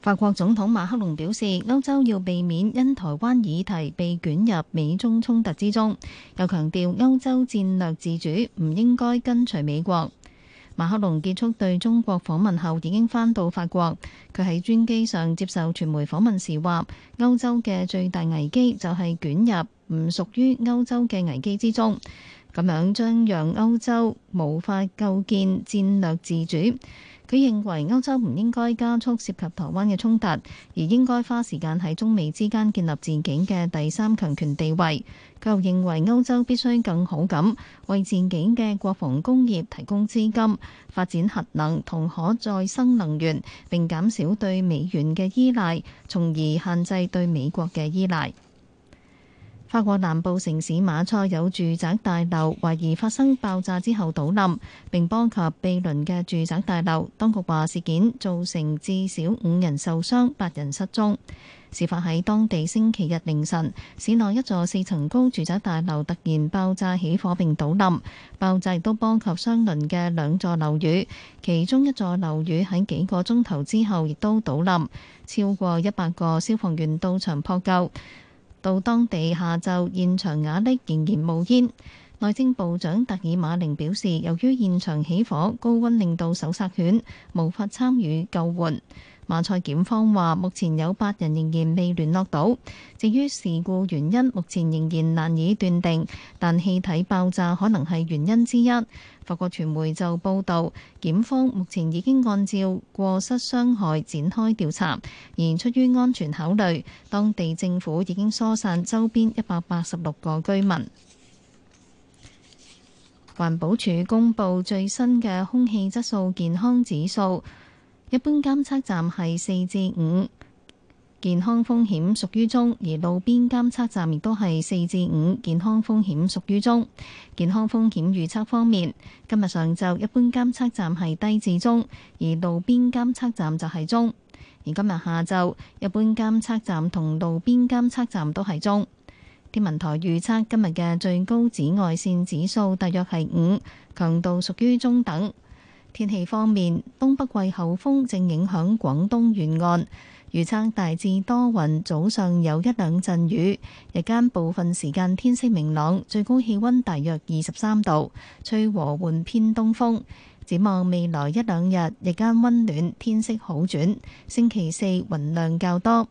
法國總統馬克龍表示，歐洲要避免因台灣議題被捲入美中衝突之中，又強調歐洲戰略自主唔應該跟隨美國。馬克龍結束對中國訪問後，已經返到法國。佢喺專機上接受傳媒訪問時話，歐洲嘅最大危機就係捲入唔屬於歐洲嘅危機之中，咁樣將讓歐洲無法構建戰略自主。佢認為歐洲唔應該加速涉及台灣嘅衝突，而應該花時間喺中美之間建立自己嘅第三強權地位。佢又認為歐洲必須更好咁，為自己嘅國防工業提供資金，發展核能同可再生能源，並減少對美元嘅依賴，從而限制對美國嘅依賴。法國南部城市馬賽有住宅大樓懷疑發生爆炸之後倒冧，並波及毗鄰嘅住宅大樓。當局話事件造成至少五人受傷，八人失蹤。事發喺當地星期日凌晨，市內一座四層高住宅大樓突然爆炸起火並倒冧，爆炸都波及相鄰嘅兩座樓宇，其中一座樓宇喺幾個鐘頭之後亦都倒冧。超過一百個消防員到場撲救，到當地下晝，現場瓦礫仍然冒煙。內政部長達爾馬寧表示，由於現場起火高溫，令到搜救犬無法參與救援。馬賽檢方話，目前有八人仍然未聯絡到。至於事故原因，目前仍然難以斷定，但氣體爆炸可能係原因之一。法國傳媒就報道，檢方目前已經按照過失傷害展開調查，而出於安全考慮，當地政府已經疏散周邊一百八十六個居民。環保署公布最新嘅空氣質素健康指數。一般監測站係四至五，健康風險屬於中；而路邊監測站亦都係四至五，健康風險屬於中。健康風險預測方面，今日上晝一般監測站係低至中，而路邊監測站就係中。而今日下晝一般監測站同路邊監測站都係中。天文台預測今日嘅最高紫外線指數大約係五，強度屬於中等。天氣方面，東北季候風正影響廣東沿岸，預測大致多雲，早上有一兩陣雨，日間部分時間天色明朗，最高氣溫大約二十三度，吹和緩偏東風。展望未來一兩日，日間溫暖，天色好轉。星期四雲量較多，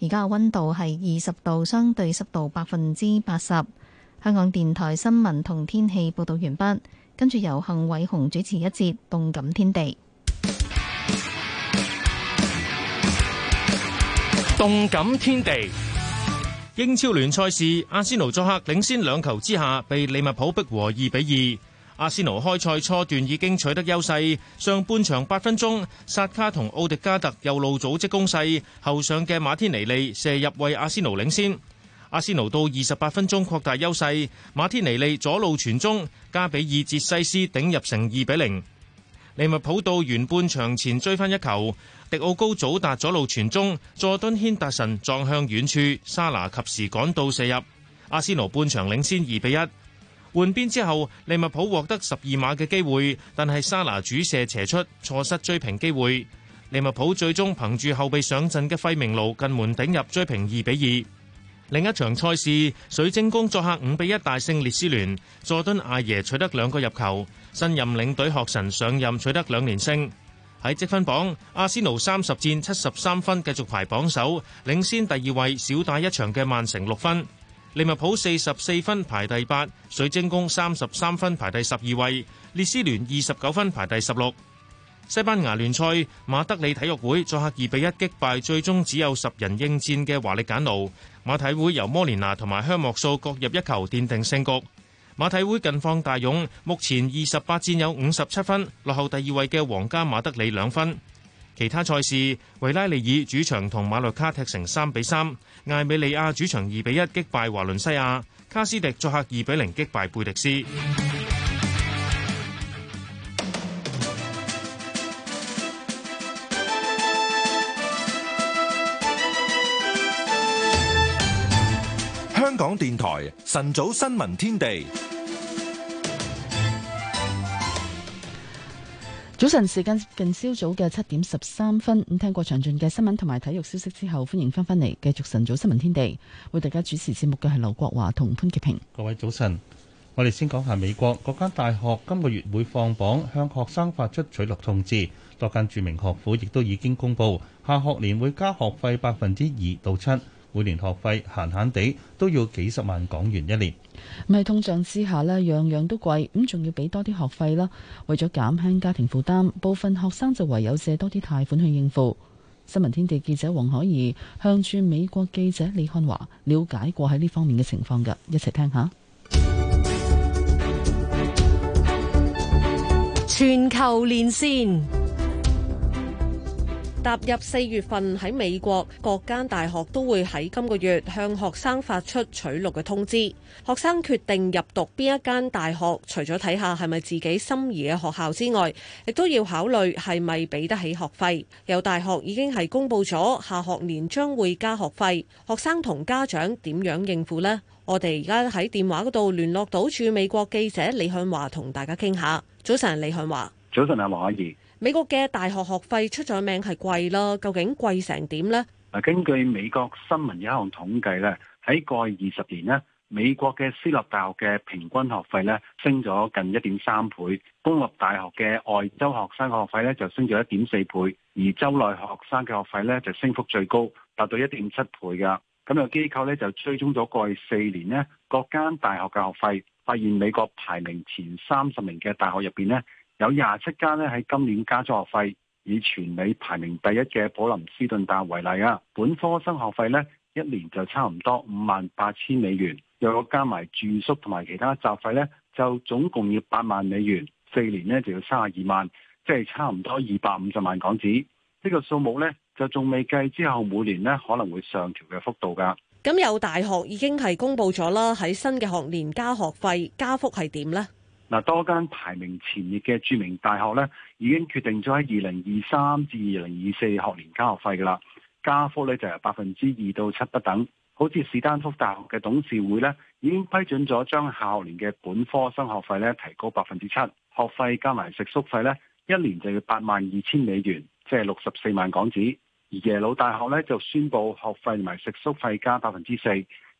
而家嘅溫度係二十度，相對濕度百分之八十。香港電台新聞同天氣報道完畢。跟住由幸偉雄主持一節動感天地。動感天地，天地英超聯賽事，阿仙奴作客領先兩球之下，被利物浦逼和二比二。阿仙奴開賽初段已經取得優勢，上半場八分鐘，薩卡同奧迪加特右路組織攻勢，後上嘅馬天尼利射入，為阿仙奴領先。阿仙奴到二十八分鐘擴大優勢，馬天尼利左路傳中，加比爾捷西斯頂入成二比零。利物浦到完半場前追翻一球，迪奧高祖達左路傳中，佐敦軒達臣撞向遠處，莎拿及時趕到射入，阿仙奴半場領先二比一。換邊之後，利物浦獲得十二碼嘅機會，但係莎拿主射斜出，錯失追平機會。利物浦最終憑住後備上陣嘅費明路近門頂入追平二比二。另一場賽事，水晶宮作客五比一大勝列斯聯，佐敦阿爺取得兩個入球。新任領隊學神上任取得兩連勝。喺積分榜，阿仙奴三十戰七十三分繼續排榜首，領先第二位少打一場嘅曼城六分。利物浦四十四分排第八，水晶宮三十三分排第十二位，列斯聯二十九分排第十六。西班牙聯賽，馬德里體育會作客二比一擊敗最終只有十人應戰嘅華歷簡奴，馬體會由摩連拿同埋香莫素各入一球奠定勝局。馬體會近況大勇，目前二十八戰有五十七分，落後第二位嘅皇家馬德里兩分。其他賽事，維拉利爾主場同馬略卡踢成三比三，艾美利亞主場二比一擊敗華倫西亞，卡斯迪作客二比零擊敗貝迪斯。電台晨早新聞天地，早晨時間接近朝早嘅七點十三分，咁聽過詳盡嘅新聞同埋體育消息之後，歡迎翻返嚟繼續晨早新聞天地。為大家主持節目嘅係劉國華同潘潔平，各位早晨。我哋先講下美國各間大學今個月會放榜，向學生發出取錄通知。多間著名學府亦都已經公佈下學年會加學費百分之二到七。每年學費閒閒地都要幾十萬港元一年，唔係通脹之下呢樣樣都貴，咁仲要俾多啲學費啦。為咗減輕家庭負擔，部分學生就唯有借多啲貸款去應付。新聞天地記者黃可怡向駐美國記者李漢華了解過喺呢方面嘅情況噶，一齊聽一下。全球連線。踏入四月份，喺美國各間大學都會喺今個月向學生發出取錄嘅通知。學生決定入讀邊一間大學，除咗睇下係咪自己心儀嘅學校之外，亦都要考慮係咪俾得起學費。有大學已經係公佈咗下學年將會加學費，學生同家長點樣應付呢？我哋而家喺電話嗰度聯絡到駐美國記者李向華，同大家傾下。早晨，李向華。早晨，阿黃阿姨。美國嘅大學學費出咗名係貴啦，究竟貴成點呢？嗱，根據美國新聞有一項統計咧，喺過去二十年咧，美國嘅私立大學嘅平均學費咧升咗近一點三倍，公立大學嘅外州學生嘅學費咧就升咗一點四倍，而州內學生嘅學費咧就升幅最高，達到一點七倍㗎。咁有機構咧就追蹤咗過去四年咧各間大學嘅學費，發現美國排名前三十名嘅大學入邊咧，有廿七間咧喺今年加咗學費，以全美排名第一嘅普林斯頓大學為例啊，本科生學費咧一年就差唔多五萬八千美元，如果加埋住宿同埋其他雜費咧，就總共要八萬美元，四年咧就要三十二萬，即係差唔多二百五十萬港紙。呢個數目咧就仲未計之後每年咧可能會上調嘅幅度噶。咁有大學已經係公布咗啦，喺新嘅學年加學費加幅係點咧？嗱，多間排名前列嘅著名大學咧，已經決定咗喺二零二三至二零二四學年加學費㗎啦。加幅咧就係百分之二到七不等。好似史丹福大學嘅董事會咧，已經批准咗將校年嘅本科生學費咧提高百分之七。學費加埋食宿費咧，一年就要八萬二千美元，即係六十四萬港紙。而耶魯大學咧就宣布學費同埋食宿費加百分之四。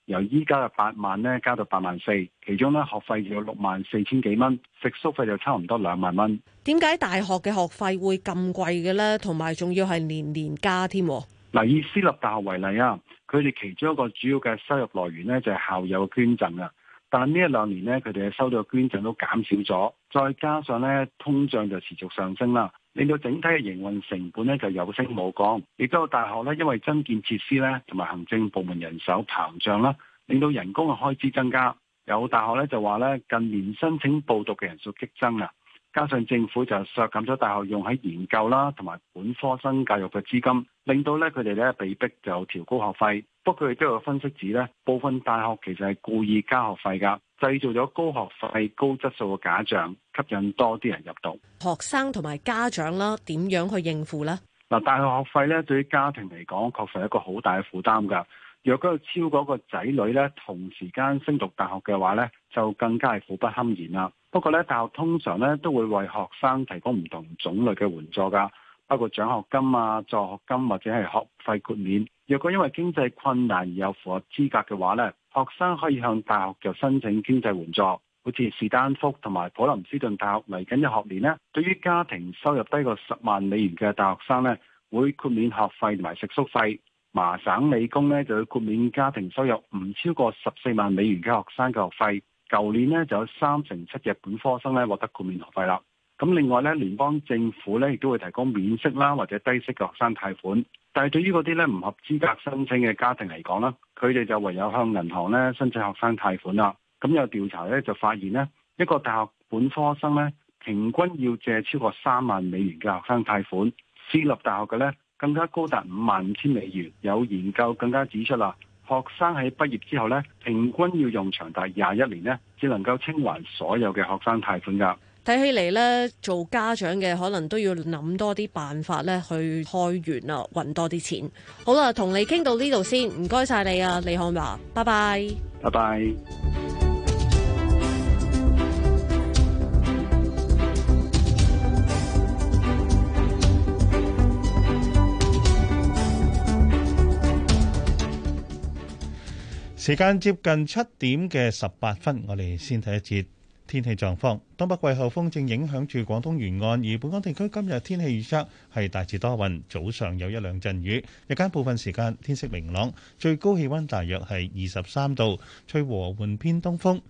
由依家嘅八萬咧，加到八萬四，其中咧學費有六萬四千幾蚊，食宿費就差唔多兩萬蚊。點解大學嘅學費會咁貴嘅咧？同埋仲要係年年加添。嗱，以私立大學為例啊，佢哋其中一個主要嘅收入來源咧就係校友嘅捐贈啊。但呢一兩年呢，佢哋嘅收到嘅捐贈都減少咗，再加上呢通脹就持續上升啦，令到整體嘅營運成本呢就有升冇降。亦都有大學呢，因為增建設施呢同埋行政部門人手膨脹啦，令到人工嘅開支增加。有大學呢就話呢近年申請報讀嘅人數激增啊，加上政府就削減咗大學用喺研究啦同埋本科生教育嘅資金，令到呢佢哋呢被逼就調高學費。不過佢都有分析指咧，部分大學其實係故意加學費噶，製造咗高學費高質素嘅假象，吸引多啲人入讀。學生同埋家長啦，點樣去應付呢？嗱，大學學費咧，對於家庭嚟講，確實係一個好大嘅負擔噶。若果有超過個仔女咧，同時間升讀大學嘅話咧，就更加係苦不堪言啦。不過咧，大學通常咧都會為學生提供唔同種類嘅援助噶，包括獎學金啊、助學金或者係學費豁免。如果因為經濟困難而有符合資格嘅話咧，學生可以向大學就申請經濟援助，好似士丹福同埋普林斯頓大學嚟緊嘅學年咧，對於家庭收入低過十萬美元嘅大學生咧，會豁免學費同埋食宿費。麻省理工咧就會豁免家庭收入唔超過十四萬美元嘅學生嘅學費。舊年呢就有三成七嘅本科生咧獲得豁免學費啦。咁另外咧，聯邦政府咧亦都會提供免息啦或者低息嘅學生貸款。但係對於嗰啲咧唔合資格申請嘅家庭嚟講啦，佢哋就唯有向銀行咧申請學生貸款啦。咁有調查咧就發現呢一個大學本科生咧平均要借超過三萬美元嘅學生貸款，私立大學嘅咧更加高達五萬五千美元。有研究更加指出啦，學生喺畢業之後咧平均要用長達廿一年咧，只能夠清還所有嘅學生貸款㗎。睇起嚟呢，做家長嘅可能都要諗多啲辦法呢，去開源啊，揾多啲錢。好啦，同你傾到呢度先，唔該晒你啊，李漢華，拜拜，拜拜 bye。時間接近七點嘅十八分，我哋先睇一節。天氣狀況，東北季候風正影響住廣東沿岸，而本港地區今日天氣預測係大致多雲，早上有一兩陣雨，日間部分時間天色明朗，最高氣温大約係二十三度，吹和緩偏東風。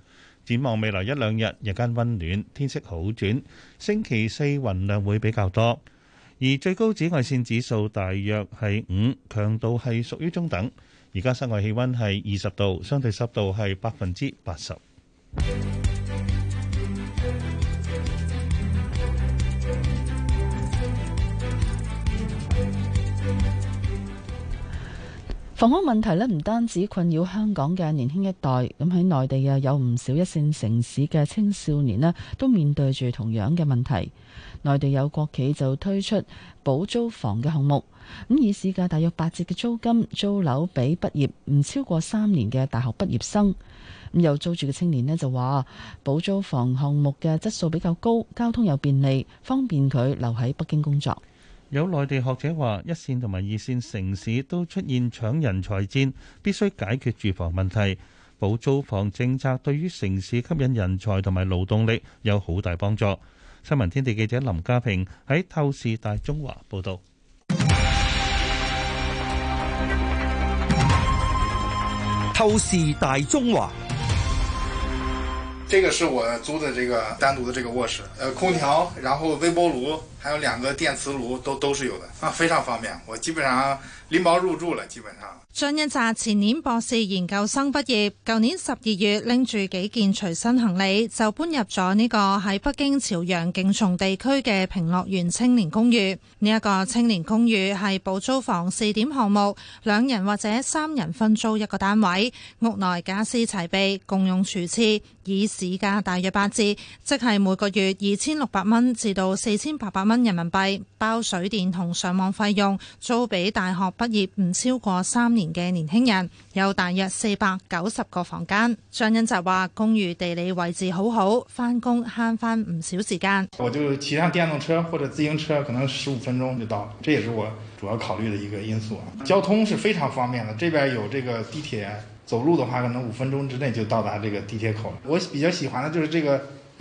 展望未來一兩日，日間温暖，天色好轉，星期四雲量會比較多，而最高紫外線指數大約係五，強度係屬於中等。而家室外氣温係二十度，相對濕度係百分之八十。房屋問題咧唔單止困擾香港嘅年輕一代，咁喺內地啊有唔少一線城市嘅青少年咧都面對住同樣嘅問題。內地有國企就推出補租房嘅項目，咁以市價大約八折嘅租金租樓俾畢業唔超過三年嘅大學畢業生。咁有租住嘅青年咧就話補租房項目嘅質素比較高，交通又便利，方便佢留喺北京工作。有內地學者話，一線同埋二線城市都出現搶人才戰，必須解決住房問題。保租房政策對於城市吸引人才同埋勞動力有好大幫助。新聞天地記者林家平喺《透視大中華》報道。透視大中華，這個是我租的這個單獨的這個臥室，空調，然後微波爐。還有兩個電磁爐都都是有的啊，非常方便。我基本上拎包入住了，基本上張一澤前年博士研究生畢業，舊年十二月拎住幾件隨身行李就搬入咗呢個喺北京朝陽勁松地區嘅平樂園青年公寓。呢、這、一個青年公寓係保租房試點項目，兩人或者三人分租一個單位，屋內家私齊備，共用廚廁，以市價大約八折，即係每個月二千六百蚊至到四千八百蚊。蚊人民幣，包水電同上網費用，租俾大學畢業唔超過三年嘅年輕人，有大約四百九十個房間。張恩澤話，公寓地理位置好好，翻工慳翻唔少時間。我就騎上電動車或者自行車，可能十五分鐘就到，這也是我主要考慮的一個因素啊。交通是非常方便的，這邊有這個地鐵，走路的話可能五分鐘之內就到達這個地鐵口。我比較喜歡的就是這個。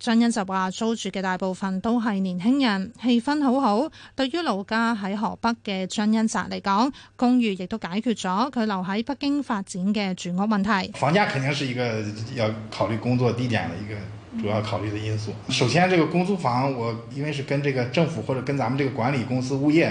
張恩澤話：租住嘅大部分都係年輕人，氣氛好好。對於老家喺河北嘅張恩澤嚟講，公寓亦都解決咗佢留喺北京發展嘅住屋問題。房價肯定是一個要考慮工作地點嘅一個主要考慮嘅因素。首先，這個公租房我因為是跟這個政府或者跟咱們這個管理公司、物業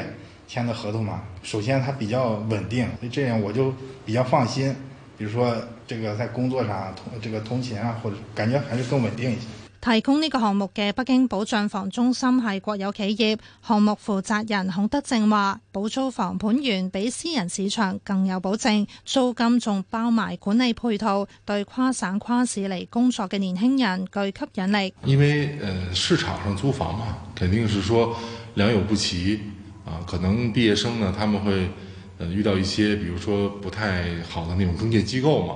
簽嘅合同嘛，首先它比較穩定，所以這樣我就比較放心。比如說，這個在工作上同這個通勤啊，或者感覺還是更穩定一些。提供呢個項目嘅北京保障房中心係國有企業，項目負責人孔德正話，保租房盤源比私人市場更有保證，租金仲包埋管理配套，對跨省跨市嚟工作嘅年輕人具吸引力。因為誒市場上租房嘛，肯定是說良莠不齊啊，可能畢業生呢他們會，遇到一些，比如說不太好的那種中介機構嘛。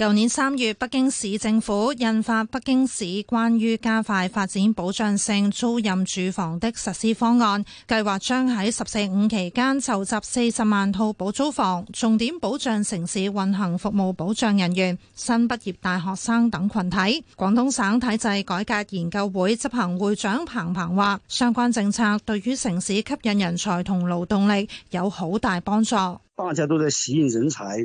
舊年三月，北京市政府印發《北京市關於加快發展保障性租賃住房的實施方案》，計劃將喺十四五期間籌集四十萬套保租房，重點保障城市運行服務保障人員、新畢業大學生等群體。廣東省體制改革研究會執行會長彭鵬話，相關政策對於城市吸引人才同勞動力有好大幫助。大家都在使用人才。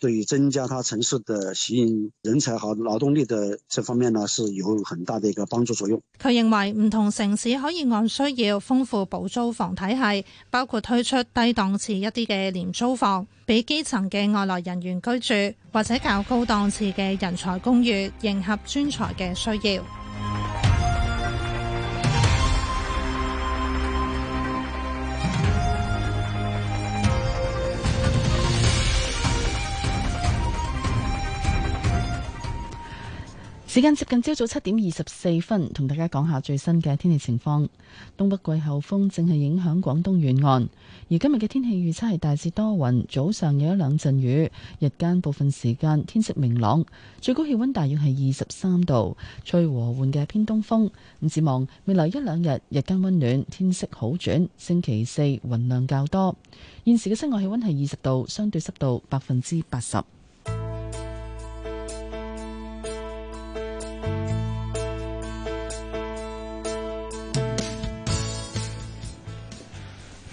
對於增加他城市的吸引人才和勞動力的這方面呢，是有很大的一個幫助作用。佢認為唔同城市可以按需要豐富保租房體系，包括推出低檔次一啲嘅廉租房，俾基層嘅外來人員居住，或者較高檔次嘅人才公寓，迎合專才嘅需要。時間接近朝早七點二十四分，同大家講下最新嘅天氣情況。東北季候風正係影響廣東沿岸，而今日嘅天氣預測係大致多雲，早上有一兩陣雨，日間部分時間天色明朗，最高氣温大約係二十三度，吹和緩嘅偏東風。咁展望未來一兩日，日間温暖，天色好轉。星期四雲量較多。現時嘅室外氣温係二十度，相對濕度百分之八十。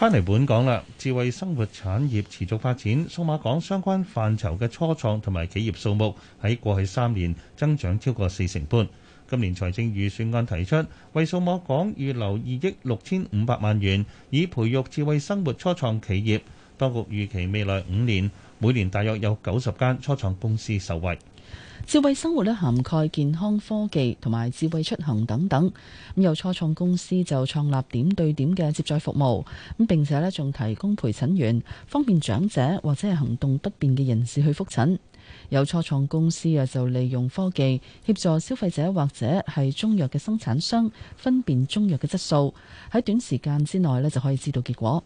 翻嚟本港啦，智慧生活產業持續發展，數碼港相關範疇嘅初創同埋企業數目喺過去三年增長超過四成半。今年財政預算案提出為數碼港預留二億六千五百萬元，以培育智慧生活初創企業。當局預期未來五年每年大約有九十間初創公司受惠。智慧生活呢，涵蓋健康科技同埋智慧出行等等，咁有初創公司就創立點對點嘅接載服務，咁並且呢，仲提供陪診員，方便長者或者係行動不便嘅人士去覆診。有初創公司啊就利用科技協助消費者或者係中藥嘅生產商分辨中藥嘅質素，喺短時間之內呢，就可以知道結果。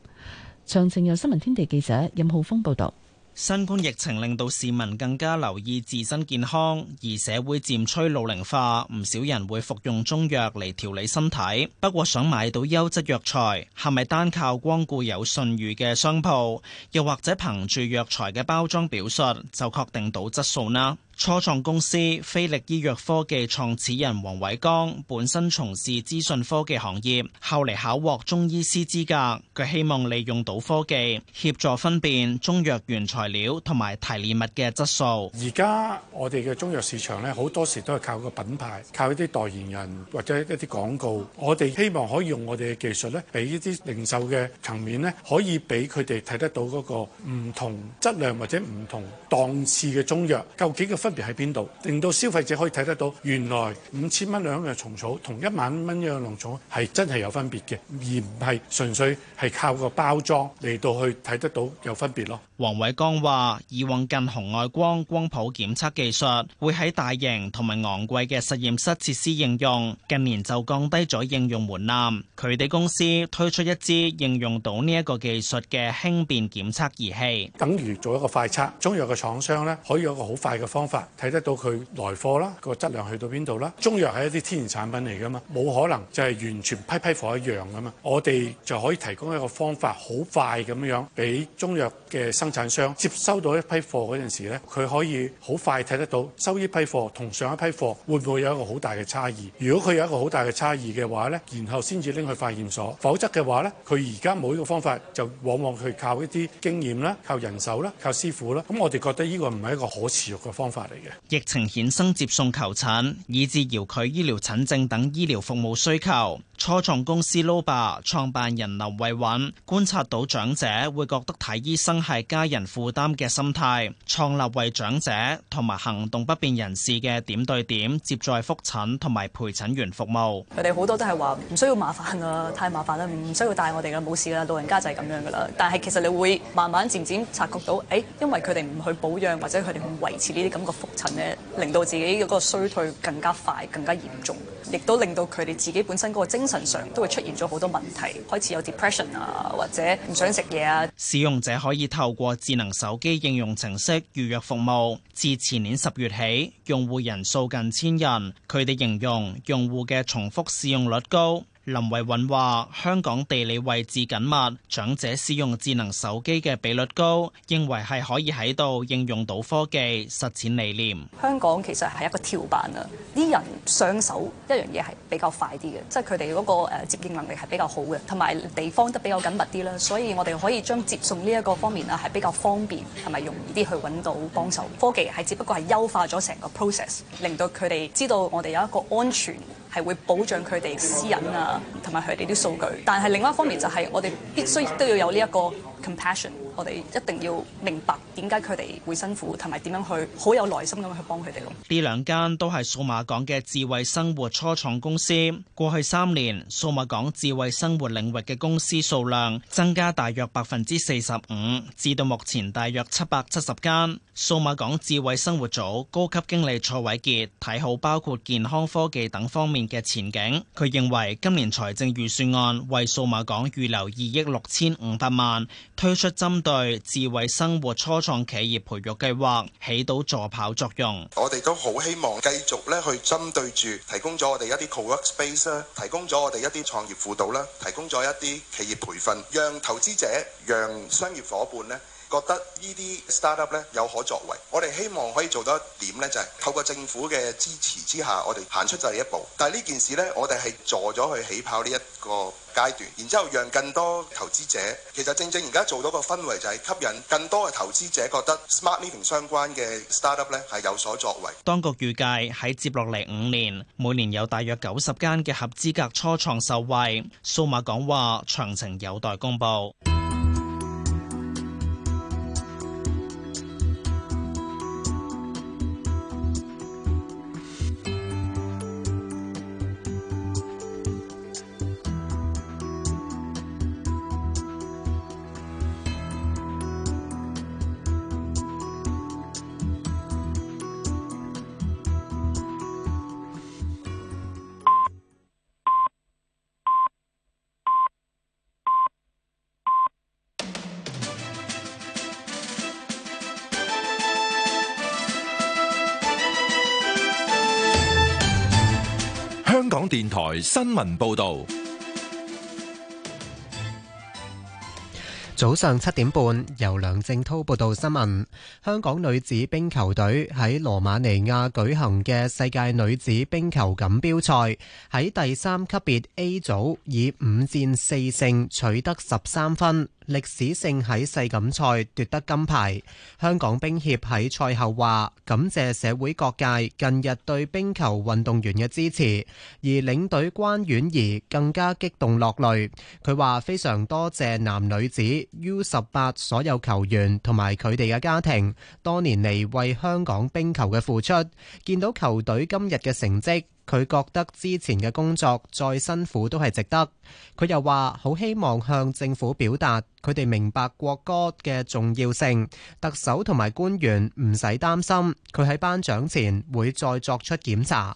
詳情由新聞天地記者任浩峰報道。新冠疫情令到市民更加留意自身健康，而社會漸趨老齡化，唔少人會服用中藥嚟調理身體，不過想買到優質藥材，係咪單靠光顧有信譽嘅商鋪，又或者憑住藥材嘅包裝表述就確定到質素呢？初創公司菲力醫藥科技創始人黃偉剛本身從事資訊科技行業，後嚟考獲中醫師資格。佢希望利用到科技協助分辨中藥原材料同埋提煉物嘅質素。而家我哋嘅中藥市場咧，好多時都係靠個品牌，靠一啲代言人或者一啲廣告。我哋希望可以用我哋嘅技術咧，俾呢啲零售嘅層面咧，可以俾佢哋睇得到嗰個唔同質量或者唔同檔次嘅中藥究竟嘅分別喺邊度，令到消費者可以睇得到，原來五千蚊兩樣蟲草同一萬蚊一樣蟲草係真係有分別嘅，而唔係純粹係靠個包裝嚟到去睇得到有分別咯。黃偉剛話：以往近紅外光光譜檢測技術，會喺大型同埋昂貴嘅實驗室設施應用，近年就降低咗應用門檻。佢哋公司推出一支應用到呢一個技術嘅輕便檢測儀器，等於做一個快測。中藥嘅廠商咧，可以有個好快嘅方法。睇得到佢來貨啦，個質量去到邊度啦？中藥係一啲天然產品嚟㗎嘛，冇可能就係完全批批貨一樣㗎嘛。我哋就可以提供一個方法，好快咁樣俾中藥嘅生產商接收到一批貨嗰陣時呢，佢可以好快睇得到收呢批貨同上一批貨會唔會有一個好大嘅差異？如果佢有一個好大嘅差異嘅話呢，然後先至拎去化驗所；否則嘅話呢，佢而家冇呢個方法，就往往去靠一啲經驗啦、靠人手啦、靠師傅啦。咁我哋覺得呢個唔係一個可持續嘅方法。疫情衍生接送求診，以致遙距醫療診症等醫療服務需求。初創公司 Loba 創辦人林慧允觀察到長者會覺得睇醫生係家人負擔嘅心態，創立為長者同埋行動不便人士嘅點對點接載複診同埋陪診員服務。佢哋好多都係話唔需要麻煩噶，太麻煩啦，唔需要帶我哋噶，冇事噶，老人家就係咁樣噶啦。但係其實你會慢慢漸漸察覺到，誒、哎，因為佢哋唔去保養或者佢哋唔維持呢啲咁嘅複診咧，令到自己嗰個衰退更加快、更加嚴重，亦都令到佢哋自己本身嗰個精神。常都會出現咗好多問題，開始有 depression 啊，或者唔想食嘢啊。使用者可以透過智能手機應用程式預約服務。自前年十月起，用戶人數近千人。佢哋形容用戶嘅重複使用率高。林慧韻話：香港地理位置緊密，長者使用智能手機嘅比率高，認為係可以喺度應用到科技實踐理念。香港其實係一個跳板啊，啲人上手一樣嘢係比較快啲嘅，即係佢哋嗰個誒接應能力係比較好嘅，同埋地方得比較緊密啲啦，所以我哋可以將接送呢一個方面啊係比較方便同埋容易啲去揾到幫手。科技係只不過係優化咗成個 process，令到佢哋知道我哋有一個安全。係會保障佢哋私隱啊，同埋佢哋啲數據。但係另外一方面就係，我哋必須都要有呢一個 compassion，我哋一定要明白點解佢哋會辛苦，同埋點樣去好有耐心咁去幫佢哋咯。呢兩間都係數碼港嘅智慧生活初創公司。過去三年，數碼港智慧生活領域嘅公司數量增加大約百分之四十五，至到目前大約七百七十間。數碼港智慧生活組高級經理蔡偉傑睇好包括健康科技等方面嘅前景，佢認為今年財政預算案為數碼港預留二億六千五百萬，推出針對智慧生活初創企業培育計劃，起到助跑作用。我哋都好希望繼續咧去針對住，提供咗我哋一啲 cowork space 啦，提供咗我哋一啲創業輔導啦，提供咗一啲企業培訓，讓投資者、讓商業伙伴咧。覺得呢啲 start up 咧有可作為，我哋希望可以做到一點咧，就係透過政府嘅支持之下，我哋行出第一步。但係呢件事咧，我哋係助咗去起跑呢一個階段，然之後讓更多投資者其實正正而家做到個氛圍，就係吸引更多嘅投資者覺得 smart living 相關嘅 start up 咧係有所作為。當局預計喺接落嚟五年，每年有大約九十間嘅合資格初創受惠。數碼港話詳情有待公布。新聞報道。早上七點半，由梁正濤報道新聞。香港女子冰球隊喺羅馬尼亞舉行嘅世界女子冰球錦標賽，喺第三級別 A 組以五戰四勝取得十三分。歷史性喺世錦賽奪得金牌，香港冰協喺賽後話，感謝社會各界近日對冰球運動員嘅支持，而領隊關婉儀更加激動落淚。佢話非常多謝男女子 U 十八所有球員同埋佢哋嘅家庭多年嚟為香港冰球嘅付出，見到球隊今日嘅成績。佢覺得之前嘅工作再辛苦都係值得。佢又話：好希望向政府表達，佢哋明白國歌嘅重要性。特首同埋官員唔使擔心，佢喺頒獎前會再作出檢查。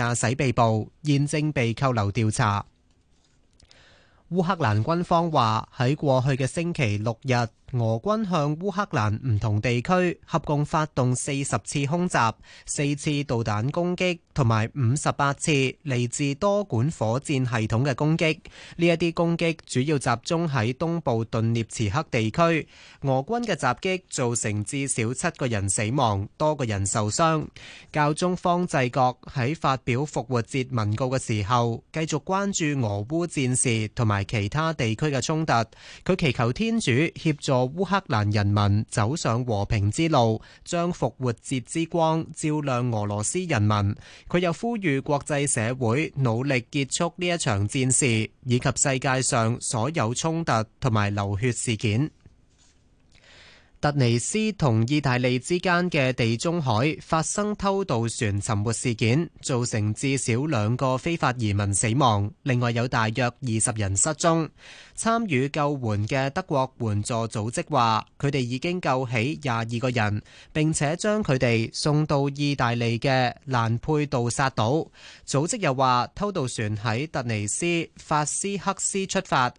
駕駛被捕，現正被扣留調查。烏克蘭軍方話喺過去嘅星期六日，俄軍向烏克蘭唔同地區合共發動四十次空襲、四次導彈攻擊同埋五十八次嚟自多管火箭系統嘅攻擊。呢一啲攻擊主要集中喺東部頓涅茨克地區。俄軍嘅襲擊造成至少七個人死亡、多個人受傷。教宗方濟各喺發表復活節文告嘅時候，繼續關注俄烏戰事同埋其他地區嘅衝突。佢祈求天主協助。烏克蘭人民走上和平之路，將復活節之光照亮俄羅斯人民。佢又呼籲國際社會努力結束呢一場戰事，以及世界上所有衝突同埋流血事件。突尼斯同意大利之間嘅地中海發生偷渡船沉沒事件，造成至少兩個非法移民死亡，另外有大約二十人失蹤。參與救援嘅德國援助組織話，佢哋已經救起廿二個人，並且將佢哋送到意大利嘅蘭佩杜薩島。組織又話，偷渡船喺突尼斯法斯克斯出發。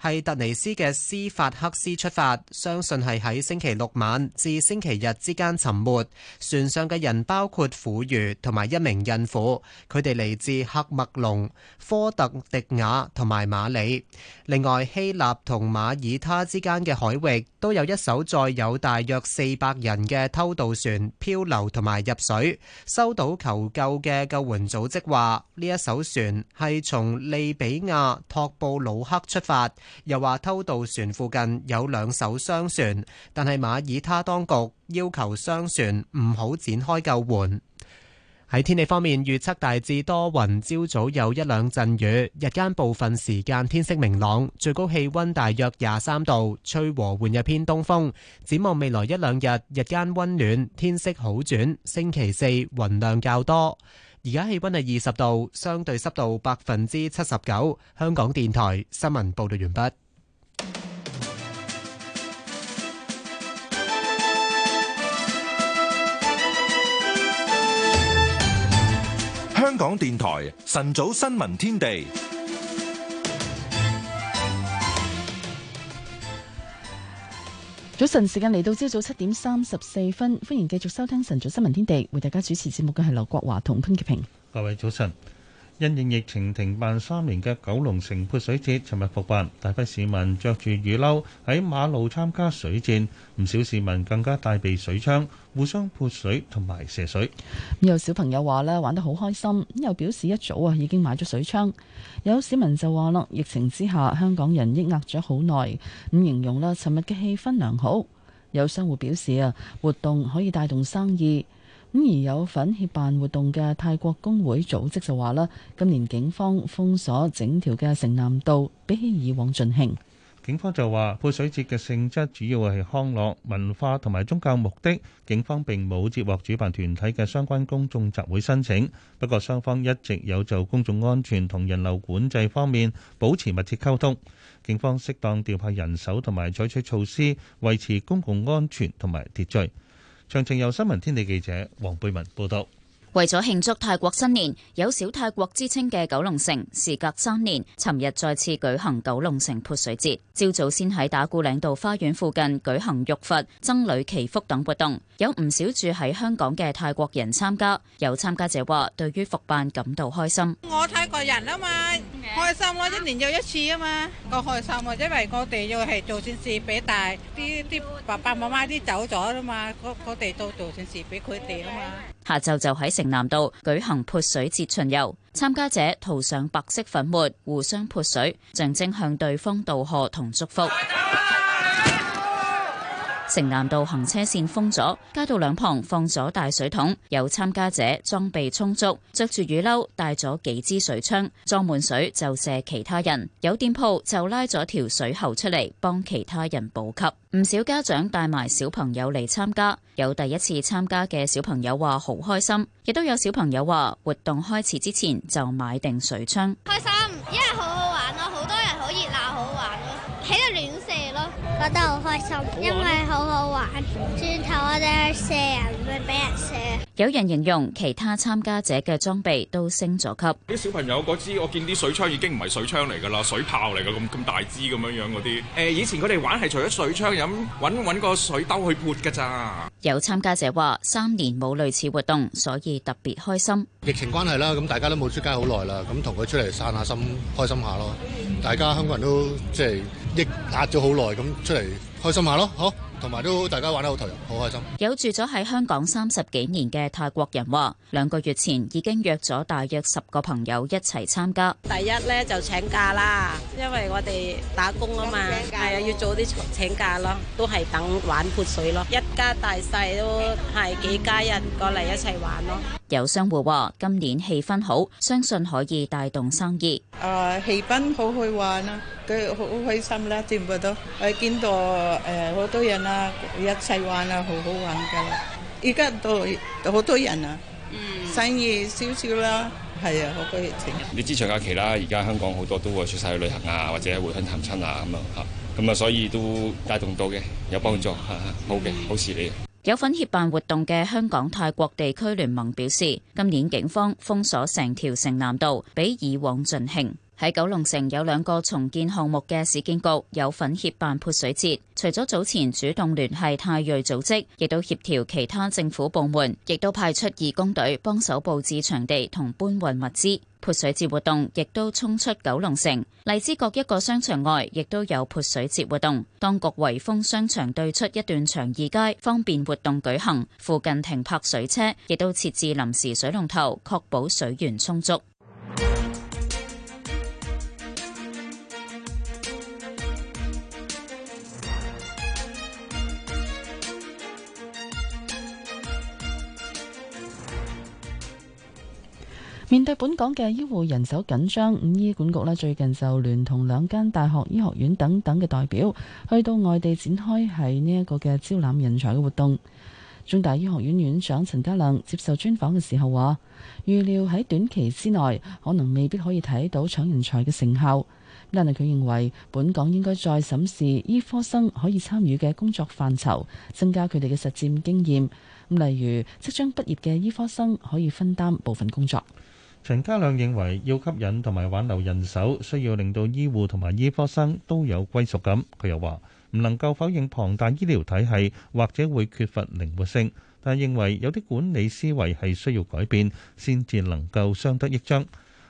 係突尼斯嘅斯法克斯出發，相信係喺星期六晚至星期日之間沉沒。船上嘅人包括婦孺同埋一名孕婦，佢哋嚟自喀麥隆、科特迪瓦同埋馬里。另外，希臘同馬耳他之間嘅海域都有一艘載有大約四百人嘅偷渡船漂流同埋入水，收到求救嘅救援組織話，呢一艘船係從利比亞托布魯克出發。又話偷渡船附近有兩艘商船，但係馬耳他當局要求商船唔好展開救援。喺天氣方面，預測大致多雲，朝早有一兩陣雨，日間部分時間天色明朗，最高氣溫大約廿三度，吹和緩日偏東風。展望未來一兩日，日間溫暖，天色好轉。星期四雲量較多。而家氣溫係二十度，相對濕度百分之七十九。香港電台新聞報道完畢。香港電台晨早新聞天地。早晨時間嚟到，朝早七點三十四分，歡迎繼續收聽晨早新聞天地。為大家主持節目嘅係劉國華同潘潔平。各位早晨。因應疫情停辦三年嘅九龍城潑水節，尋日復辦，大批市民著住雨褸喺馬路參加水戰，唔少市民更加帶備水槍，互相潑水同埋射水。有小朋友話咧，玩得好開心，又表示一早啊已經買咗水槍。有市民就話咯，疫情之下香港人抑壓咗好耐，咁形容啦，尋日嘅氣氛良好。有商戶表示啊，活動可以帶動生意。咁而有份協辦活動嘅泰國工會組織就話啦，今年警方封鎖整條嘅城南道，比起以往盡興。警方就話，潑水節嘅性質主要係康樂、文化同埋宗教目的，警方並冇接獲主辦團體嘅相關公眾集會申請。不過雙方一直有就公眾安全同人流管制方面保持密切溝通，警方適當調派人手同埋採取措施，維持公共安全同埋秩序。詳情由新聞天地記者黃貝文報道。為咗慶祝泰國新年，有小泰國之稱嘅九龍城，時隔三年，尋日再次舉行九龍城潑水節。朝早先喺打鼓嶺道花園附近舉行浴佛、僧侶祈，祈福等活動，有唔少住喺香港嘅泰國人參加。有參加者話，對於復辦感到開心。我泰國人啊嘛，開心，我一年又一次啊嘛，我開心啊，因為我哋要係做善事俾大啲啲爸爸媽媽啲走咗啦嘛，我哋都做善事俾佢哋啊嘛。下晝就喺。城南道舉行潑水節巡遊，參加者塗上白色粉末，互相潑水，象徵向對方道賀同祝福。城南道行車線封咗，街道兩旁放咗大水桶。有參加者裝備充足，着住雨褸，帶咗幾支水槍，裝滿水就射其他人。有店鋪就拉咗條水喉出嚟幫其他人補給。唔少家長帶埋小朋友嚟參加。有第一次參加嘅小朋友話好開心，亦都有小朋友話活動開始之前就買定水槍。開心，因為好好玩咯，好多人熱鬧，好熱鬧，好玩咯，喺度亂。覺得好開心，因為好好玩。轉頭我哋去射人，唔會俾人射。有人形容其他參加者嘅裝備都升咗級。啲小朋友嗰支，我見啲水槍已經唔係水槍嚟㗎啦，水炮嚟㗎，咁咁大支咁樣樣嗰啲。誒、呃，以前佢哋玩係除咗水槍，飲揾揾個水兜去潑㗎咋。有參加者話：三年冇類似活動，所以特別開心。疫情關係啦，咁大家都冇出街好耐啦，咁同佢出嚟散下心，開心下咯。大家香港人都即係。亦壓咗好耐，咁出嚟開心下咯，好，同埋都大家玩得好投入，好開心。有住咗喺香港三十幾年嘅泰國人話，兩個月前已經約咗大約十個朋友一齊參加。第一咧就請假啦，因為我哋打工啊嘛，請假啊、哎，要早啲請假咯，都係等玩潑水咯。一家大細都係幾家人過嚟一齊玩咯。有商戶話，今年氣氛好，相信可以帶動生意。誒、呃、氣氛好去玩啊！佢好開心啦，全部都我見到誒好多人啊，一齊玩啊，好好玩噶啦！而家都好多人啊，嗯，生意少少啦，係啊，好多熱情啊！你知長假期啦，而家香港好多都會出曬去旅行啊，或者回鄉探親啊咁啊嚇，咁啊所以都帶動到嘅，有幫助嚇，好嘅，好事嚟。有份協辦活動嘅香港泰國地區聯盟表示，今年警方封鎖成條城南道，比以往盡興。喺九龍城有兩個重建項目嘅市建局有份協辦潑水節，除咗早前主動聯繫泰裔組織，亦都協調其他政府部門，亦都派出義工隊幫手布置場地同搬運物資。潑水節活動亦都衝出九龍城，荔枝角一個商場外亦都有潑水節活動。當局圍封商場對出一段長義街，方便活動舉行。附近停泊水車，亦都設置臨時水龍頭，確保水源充足。面對本港嘅醫護人手緊張，醫管局呢最近就聯同兩間大學醫學院等等嘅代表去到外地展開係呢一個嘅招攬人才嘅活動。中大醫學院院長陳家亮接受專訪嘅時候話，預料喺短期之內可能未必可以睇到搶人才嘅成效。但係佢認為本港應該再審視醫科生可以參與嘅工作範疇，增加佢哋嘅實踐經驗。例如即將畢業嘅醫科生可以分擔部分工作。陳家亮認為，要吸引同埋挽留人手，需要令到醫護同埋醫科生都有歸屬感。佢又話，唔能夠否認龐大醫療體系或者會缺乏靈活性，但係認為有啲管理思維係需要改變，先至能夠相得益彰。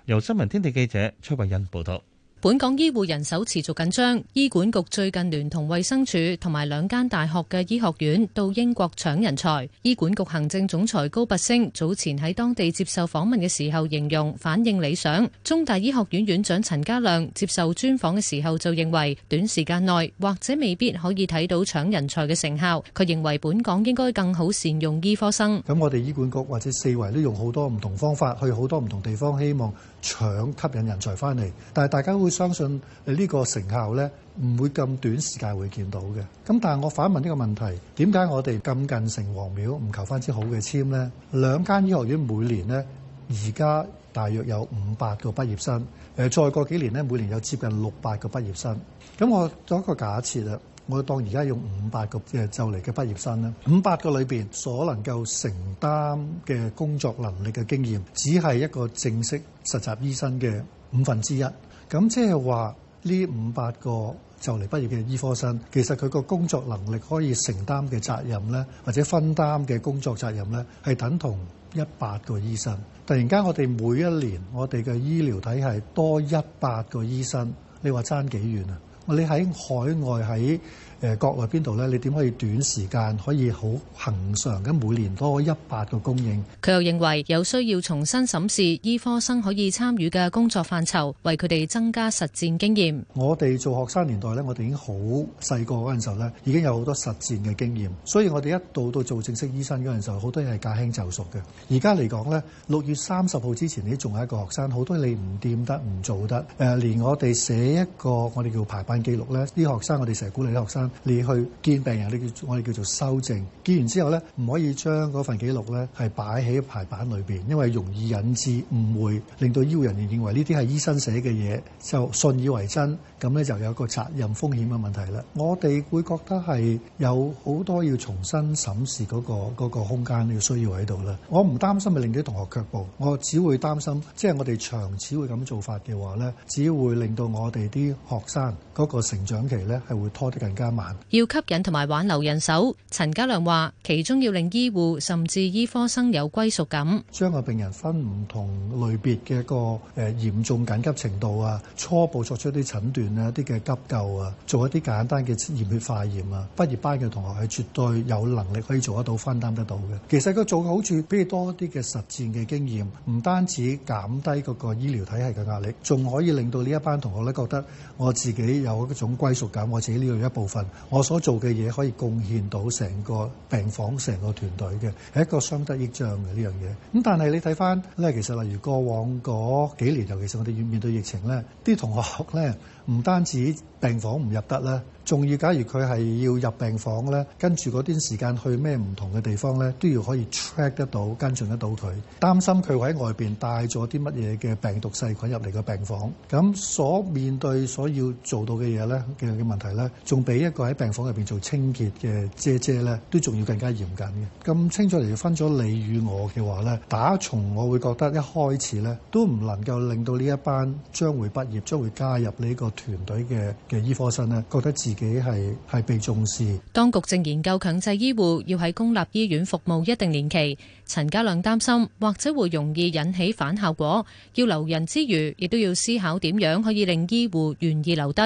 由新聞天地記者崔慧欣報道。本港醫護人手持續緊張，醫管局最近聯同衛生署同埋兩間大學嘅醫學院到英國搶人才。醫管局行政總裁高拔升早前喺當地接受訪問嘅時候，形容反應理想。中大醫學院院長陳家亮接受專訪嘅時候就認為，短時間內或者未必可以睇到搶人才嘅成效。佢認為本港應該更好善用醫科生。咁我哋醫管局或者四圍都用好多唔同方法，去好多唔同地方，希望搶吸引人才翻嚟，但係大家會。相信你呢個成效咧，唔會咁短時間會見到嘅。咁但係我反問呢個問題，點解我哋咁近城隍廟唔求翻支好嘅簽咧？兩間醫學院每年呢，而家大約有五百個畢業生。誒，再過幾年呢，每年有接近六百個畢業生。咁我做一個假設啊，我當而家用五百個誒就嚟嘅畢業生啦，五百個裏邊所能夠承擔嘅工作能力嘅經驗只係一個正式實習醫生嘅五分之一。咁即係話呢五百個就嚟畢業嘅醫科生，其實佢個工作能力可以承擔嘅責任呢，或者分擔嘅工作責任呢，係等同一百個醫生。突然間，我哋每一年我哋嘅醫療體系多一百個醫生，你話爭幾遠啊？我你喺海外喺。誒國內邊度咧？你點可以短時間可以好恒常咁每年多一百個供應？佢又認為有需要重新審視醫科生可以參與嘅工作範疇，為佢哋增加實戰經驗。我哋做學生年代咧，我哋已經好細個嗰陣時候咧，已經有好多實戰嘅經驗。所以我哋一到到做正式醫生嗰陣時候，好多嘢係駕輕就熟嘅。而家嚟講咧，六月三十號之前你仲係一個學生，好多你唔掂得唔做得。誒、呃，連我哋寫一個我哋叫排班記錄咧，啲學生我哋成日鼓勵啲學生。你去見病人，你叫我哋叫做修正。見完之後咧，唔可以將嗰份記錄咧係擺喺牌板裏邊，因為容易引致誤會，令到醫護人員認為呢啲係醫生寫嘅嘢，就信以為真。咁咧就有個責任風險嘅問題啦。我哋會覺得係有好多要重新審視嗰個嗰個空間嘅需要喺度啦。我唔擔心係令到啲同學卻步，我只會擔心，即係我哋長此會咁做法嘅話咧，只會令到我哋啲學生嗰個成長期咧係會拖得更加。要吸引同埋挽留人手，陳家亮話其中要令醫護甚至醫科生有歸屬感，將個病人分唔同類別嘅一個誒嚴重緊急程度啊，初步作出啲診斷啊，啲嘅急救啊，做一啲簡單嘅驗血化驗啊，畢業班嘅同學係絕對有能力可以做得到，分擔得到嘅。其實佢做好處，比如多啲嘅實戰嘅經驗，唔單止減低嗰個醫療體系嘅壓力，仲可以令到呢一班同學咧覺得我自己有一種歸屬感，我自己呢度有一部分。我所做嘅嘢可以貢獻到成個病房、成個團隊嘅，係一個相得益彰嘅呢樣嘢。咁但係你睇翻咧，其實例如過往嗰幾年，尤其是我哋要面對疫情咧，啲同學咧唔單止病房唔入得啦。仲要，假如佢係要入病房咧，跟住嗰段時間去咩唔同嘅地方咧，都要可以 check 得到，跟進得到佢，擔心佢喺外邊帶咗啲乜嘢嘅病毒細菌入嚟個病房。咁所面對所要做到嘅嘢咧嘅嘅問題咧，仲比一個喺病房入邊做清潔嘅姐姐咧，都仲要更加嚴謹嘅。咁清楚嚟分咗你與我嘅話咧，打從我會覺得一開始咧，都唔能夠令到呢一班將會畢業將會加入呢個團隊嘅嘅醫科生咧，覺得自自己係被重視，當局正研究強制醫護要喺公立醫院服務一定年期。陳家亮擔心，或者會容易引起反效果。要留人之餘，亦都要思考點樣可以令醫護願意留低。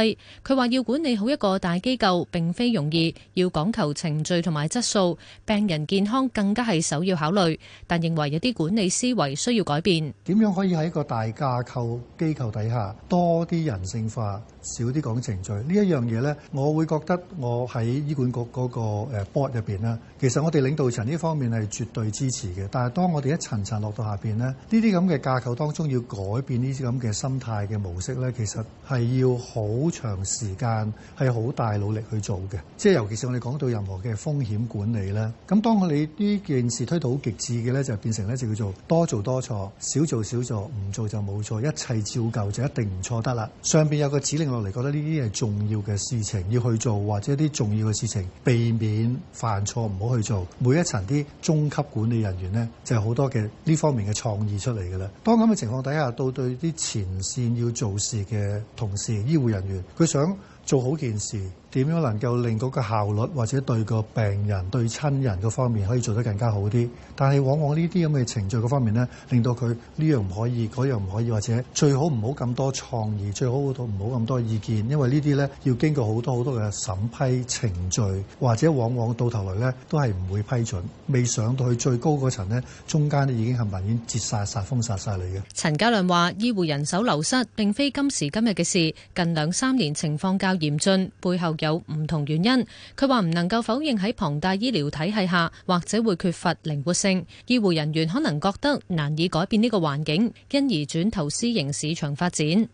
佢話要管理好一個大機構並非容易，要講求程序同埋質素，病人健康更加係首要考慮。但認為有啲管理思維需要改變。點樣可以喺一個大架構機構底下多啲人性化？少啲講程序，呢一樣嘢咧，我會覺得我喺醫管局嗰個誒 board 入邊咧，其實我哋領導層呢方面係絕對支持嘅。但係當我哋一層層落到下邊咧，呢啲咁嘅架構當中要改變呢啲咁嘅心態嘅模式咧，其實係要好長時間，係好大努力去做嘅。即係尤其是我哋講到任何嘅風險管理咧，咁當我哋呢件事推到極致嘅咧，就變成咧就叫做多做多錯，少做少做，唔做就冇錯，一切照舊就一定唔錯得啦。上邊有個指令。我哋覺得呢啲係重要嘅事情要去做，或者啲重要嘅事情避免犯錯，唔好去做。每一層啲中級管理人員呢，就係好多嘅呢方面嘅創意出嚟㗎啦。當咁嘅情況底下，到對啲前線要做事嘅同事、醫護人員，佢想做好件事。點樣能夠令嗰個效率或者對個病人、對親人嘅方面可以做得更加好啲？但係往往呢啲咁嘅程序嗰方面，呢令到佢呢樣唔可以，嗰樣唔可以，或者最好唔好咁多創意，最好都唔好咁多意見，因為呢啲呢，要經過好多好多嘅審批程序，或者往往到頭來呢，都係唔會批准，未上到去最高嗰層咧，中間咧已經係全面截曬殺封殺晒你嘅。陳家亮話：醫護人手流失並非今時今日嘅事，近兩三年情況較嚴峻，背後，有唔同原因，佢話唔能夠否認喺龐大醫療體系下，或者會缺乏靈活性，醫護人員可能覺得難以改變呢個環境，因而轉投私營市場發展。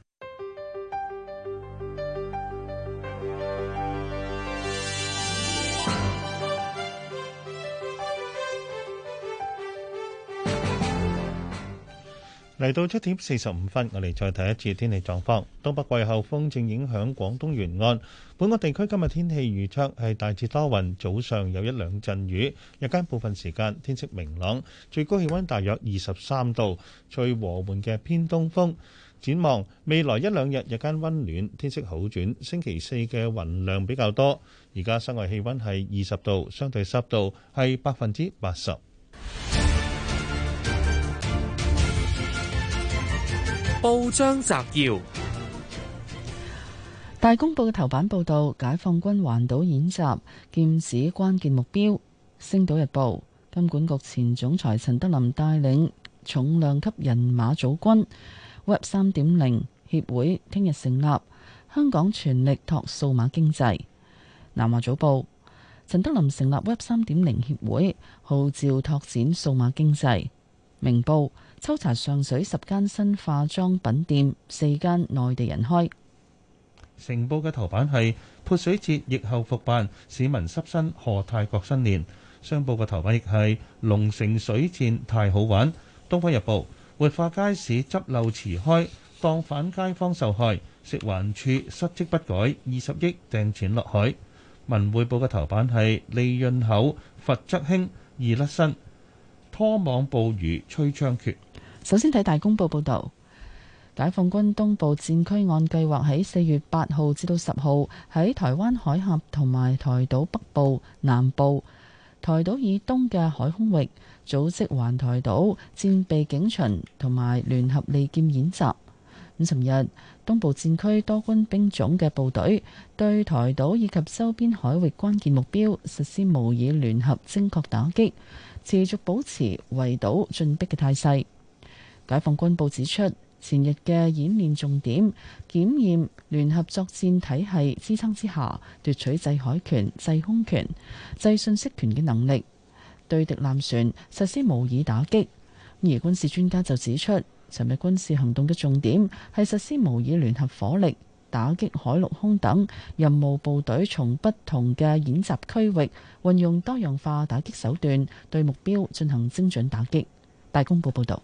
嚟到七點四十五分，我哋再睇一次天氣狀況。東北季候風正影響廣東沿岸，本港地區今日天氣預測係大致多雲，早上有一兩陣雨，日間部分時間天色明朗，最高氣温大約二十三度，吹和緩嘅偏東風。展望未來一兩日日間温暖，天色好轉。星期四嘅雲量比較多，而家室外氣温係二十度，相對濕度係百分之八十。報章摘要：大公報嘅頭版報道，解放軍環島演習，劍指關鍵目標。星島日報，金管局前總裁陳德林帶領重量級人馬組軍。Web 三點零協會聽日成立，香港全力拓數碼經濟。南華早報，陳德林成立 Web 三點零協會，號召拓展數碼經濟。明報抽查上水十間新化妝品店，四間內地人開。成報嘅頭版係潑水節疫後復辦，市民濕身賀泰國新年。商報嘅頭版亦係龍城水戰太好玩。東方日報活化街市執漏遲開，檔反街坊受害。食環署失職不改，二十億掟錢落海。文匯報嘅頭版係利潤厚，罰則輕，易甩身。拖網暴雨吹槍決。首先睇大公報報導，解放軍東部戰區按計劃喺四月八號至到十號喺台灣海峽同埋台島北部、南部、台島以東嘅海空域組織環台島戰備警巡同埋聯合利劍演習。咁尋日，東部戰區多軍兵種嘅部隊對台島以及周邊海域關鍵目標實施模擬聯合精確打擊。持續保持圍堵進逼嘅態勢。解放軍報指出，前日嘅演練重點檢驗聯合作戰體系支撐之下奪取制海權、制空權、制信息權嘅能力，對敵艦船實施模擬打擊。而軍事專家就指出，昨日軍事行動嘅重點係實施模擬聯合火力。打擊海陸空等任務部隊，從不同嘅演習區域運用多樣化打擊手段，對目標進行精準打擊。大公報報道。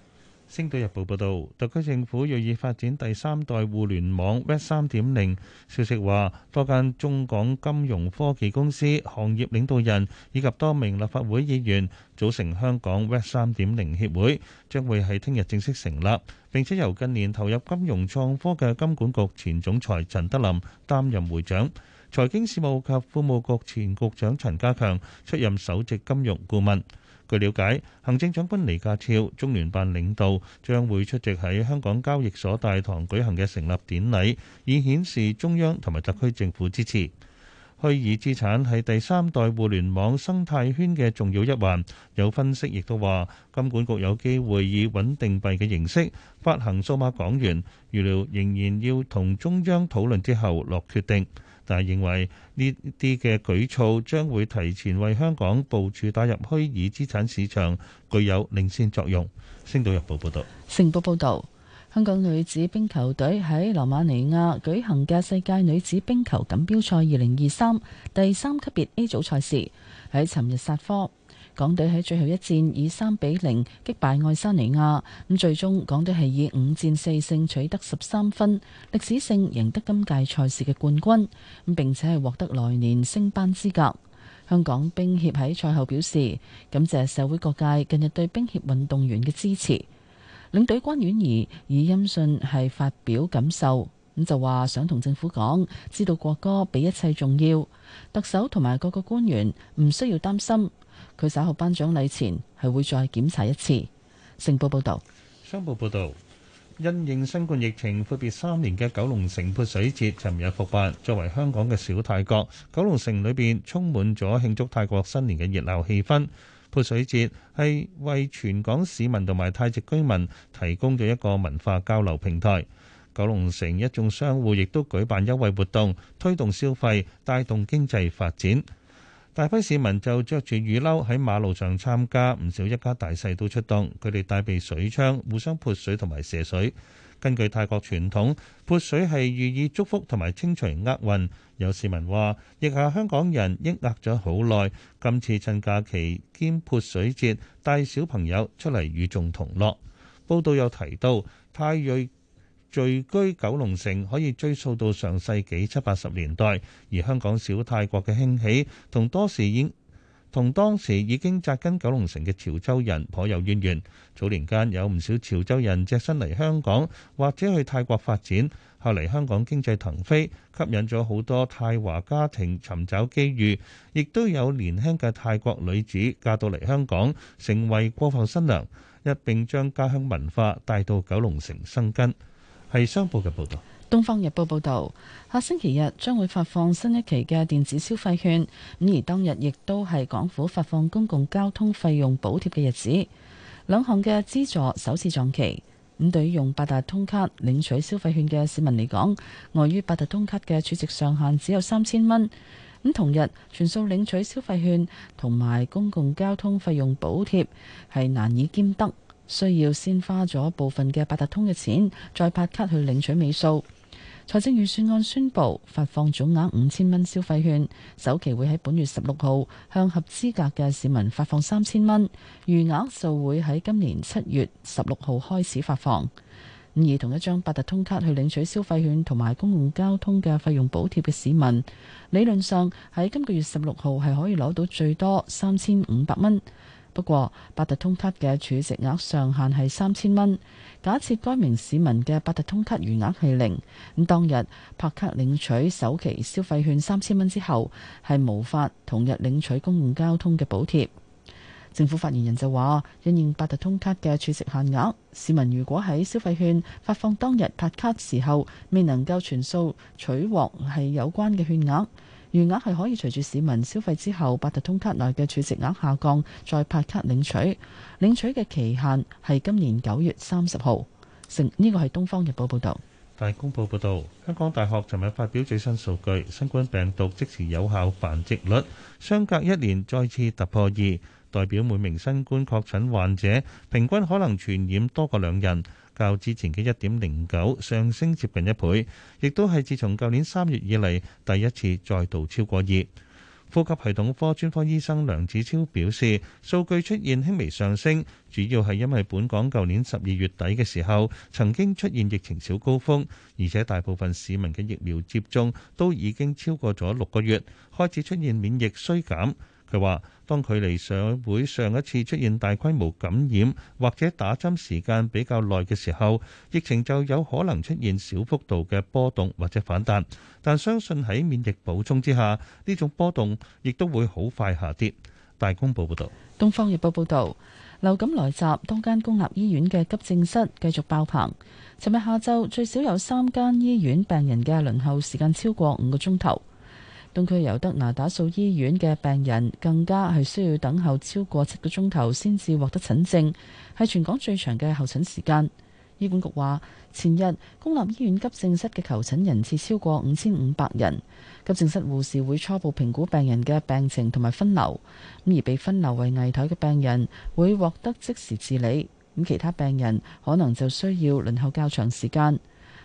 《星島日報》報導，特區政府銳意發展第三代互聯網 Web 3.0，消息話，多間中港金融科技公司、行業領導人以及多名立法會議員組成香港 Web 3.0協會，將會喺聽日正式成立，並且由近年投入金融創科嘅金管局前總裁陳德霖擔任會長，財經事務及庫務局前局長陳家強出任首席金融顧問。據了解，行政長官李家超、中聯辦領導將會出席喺香港交易所大堂舉行嘅成立典禮，以顯示中央同埋特區政府支持。虛擬資產係第三代互聯網生態圈嘅重要一環，有分析亦都話，金管局有機會以穩定幣嘅形式發行數碼港元，預料仍然要同中央討論之後落決定。但係認為呢啲嘅舉措將會提前為香港部署打入虛擬資產市場，具有領先作用。星島日報報道：「星報報道，香港女子冰球隊喺羅馬尼亞舉行嘅世界女子冰球錦標賽二零二三第三級別 A 組賽事喺尋日殺科。港隊喺最後一戰以三比零擊敗愛沙尼亞，咁最終港隊係以五戰四勝取得十三分，歷史性贏得今屆賽事嘅冠軍，並且係獲得來年升班資格。香港冰協喺賽後表示，感謝社會各界近日對冰協運動員嘅支持。領隊關婉儀以音訊係發表感受，咁就話想同政府講，知道國歌比一切重要，特首同埋各個官員唔需要擔心。佢稍後頒獎禮前係會再檢查一次。成報報道，商報報道，因應新冠疫情闊別三年嘅九龍城潑水節，尋日復辦。作為香港嘅小泰國，九龍城裏邊充滿咗慶祝泰國新年嘅熱鬧氣氛。潑水節係為全港市民同埋泰籍居民提供咗一個文化交流平台。九龍城一眾商戶亦都舉辦優惠活動，推動消費，帶動經濟發展。大批市民就着住雨褸喺馬路上參加，唔少一家大細都出動，佢哋帶備水槍，互相潑水同埋射水。根據泰國傳統，潑水係寓意祝福同埋清除厄運，有市民話亦下香港人抑壓咗好耐，今次趁假期兼潑水節，帶小朋友出嚟與眾同樂。報道又提到泰瑞。聚居九龍城可以追溯到上世紀七八十年代，而香港小泰國嘅興起，同當時已同當時已經扎根九龍城嘅潮州人頗有淵源。早年間有唔少潮州人隻身嚟香港或者去泰國發展，後嚟香港經濟騰飛，吸引咗好多泰華家庭尋找機遇，亦都有年輕嘅泰國女子嫁到嚟香港，成為過埠新娘，一並將家鄉文化帶到九龍城生根。係商報嘅報道，《東方日報》報道，下星期日將會發放新一期嘅電子消費券，咁而當日亦都係港府發放公共交通費用補貼嘅日子，兩項嘅資助首次撞期。咁對於用八達通卡領取消費券嘅市民嚟講，礙於八達通卡嘅儲值上限只有三千蚊。咁同日，全數領取消費券同埋公共交通費用補貼係難以兼得。需要先花咗部分嘅八達通嘅錢，再拍卡去領取尾數。財政預算案宣布，發放總額五千蚊消費券，首期會喺本月十六號向合資格嘅市民發放三千蚊，餘額就會喺今年七月十六號開始發放。而同一張八達通卡去領取消費券同埋公共交通嘅費用補貼嘅市民，理論上喺今個月十六號係可以攞到最多三千五百蚊。不過，八達通卡嘅儲值額上限係三千蚊。假設該名市民嘅八達通卡餘額係零，咁當日拍卡領取首期消費券三千蚊之後，係無法同日領取公共交通嘅補貼。政府發言人就話，因應八達通卡嘅儲值限額，市民如果喺消費券發放當日拍卡時候，未能夠全數取獲係有關嘅券額。餘額係可以隨住市民消費之後，八達通卡內嘅儲值額下降，再拍卡領取。領取嘅期限係今年九月三十號。成呢個係《東方日報》報道。大公報報道，香港大學尋日發表最新數據，新冠病毒即時有效繁殖率相隔一年再次突破二，代表每名新冠確診患者平均可能傳染多過兩人。較之前嘅一點零九上升接近一倍，亦都係自從舊年三月以嚟第一次再度超過二。呼吸系統科專科醫生梁子超表示，數據出現輕微上升，主要係因為本港舊年十二月底嘅時候曾經出現疫情小高峰，而且大部分市民嘅疫苗接種都已經超過咗六個月，開始出現免疫衰減。佢話。當距離社會上一次出現大規模感染或者打針時間比較耐嘅時候，疫情就有可能出現小幅度嘅波動或者反彈。但相信喺免疫補充之下，呢種波動亦都會好快下跌。大公報報導，東方日報報導，流感來襲，多間公立醫院嘅急症室繼續爆棚。尋日下晝最少有三間醫院病人嘅輪候時間超過五個鐘頭。東區尤德那打素醫院嘅病人更加係需要等候超過七個鐘頭先至獲得診症，係全港最長嘅候診時間。醫管局話，前日公立醫院急症室嘅求診人次超過五千五百人，急症室護士會初步評估病人嘅病情同埋分流。咁而被分流為危殆嘅病人會獲得即時治理，咁其他病人可能就需要輪候較長時間。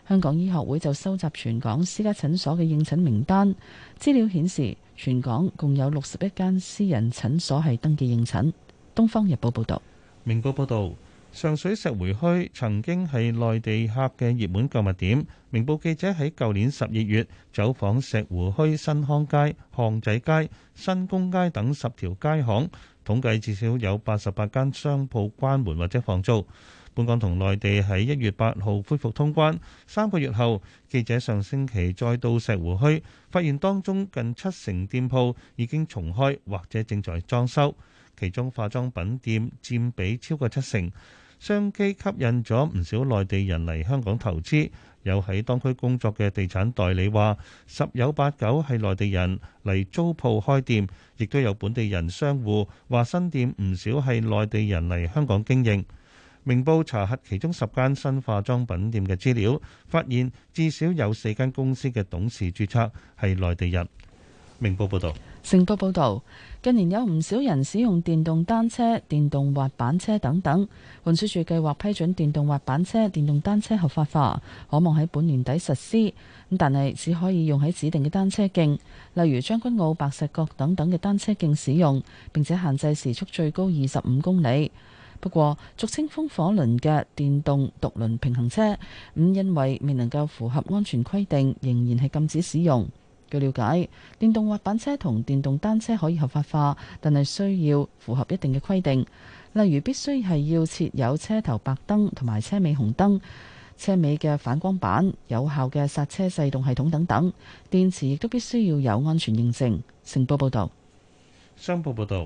香港醫學會就收集全港私家診所嘅應診名單，資料顯示全港共有六十一間私人診所係登記應診。《東方日報》報道。《明報》報道，上水石湖墟曾經係內地客嘅熱門購物點。明報記者喺舊年十二月走訪石湖墟、新康街、巷仔街、新公街等十條街巷，統計至少有八十八間商鋪關門或者放租。本港同內地喺一月八號恢復通關，三個月後，記者上星期再到石湖墟，發現當中近七成店鋪已經重開或者正在裝修，其中化妝品店佔比超過七成，商機吸引咗唔少內地人嚟香港投資。有喺當區工作嘅地產代理話，十有八九係內地人嚟租鋪開店，亦都有本地人商戶話新店唔少係內地人嚟香港經營。明報查核其中十間新化妝品店嘅資料，發現至少有四間公司嘅董事註冊係內地人。明報報道：成報報道，近年有唔少人使用電動單車、電動滑板車等等。運輸署計劃批准電動滑板車、電動單車合法化，可望喺本年底實施。但係只可以用喺指定嘅單車徑，例如將軍澳、白石角等等嘅單車徑使用，並且限制時速最高二十五公里。不過，俗稱風火輪嘅電動獨輪平衡車，唔因為未能夠符合安全規定，仍然係禁止使用。據了解，電動滑板車同電動單車可以合法化，但係需要符合一定嘅規定，例如必須係要設有車頭白燈同埋車尾紅燈、車尾嘅反光板、有效嘅剎車制動系統等等，電池亦都必須要有安全認證。成報報道，商報報道。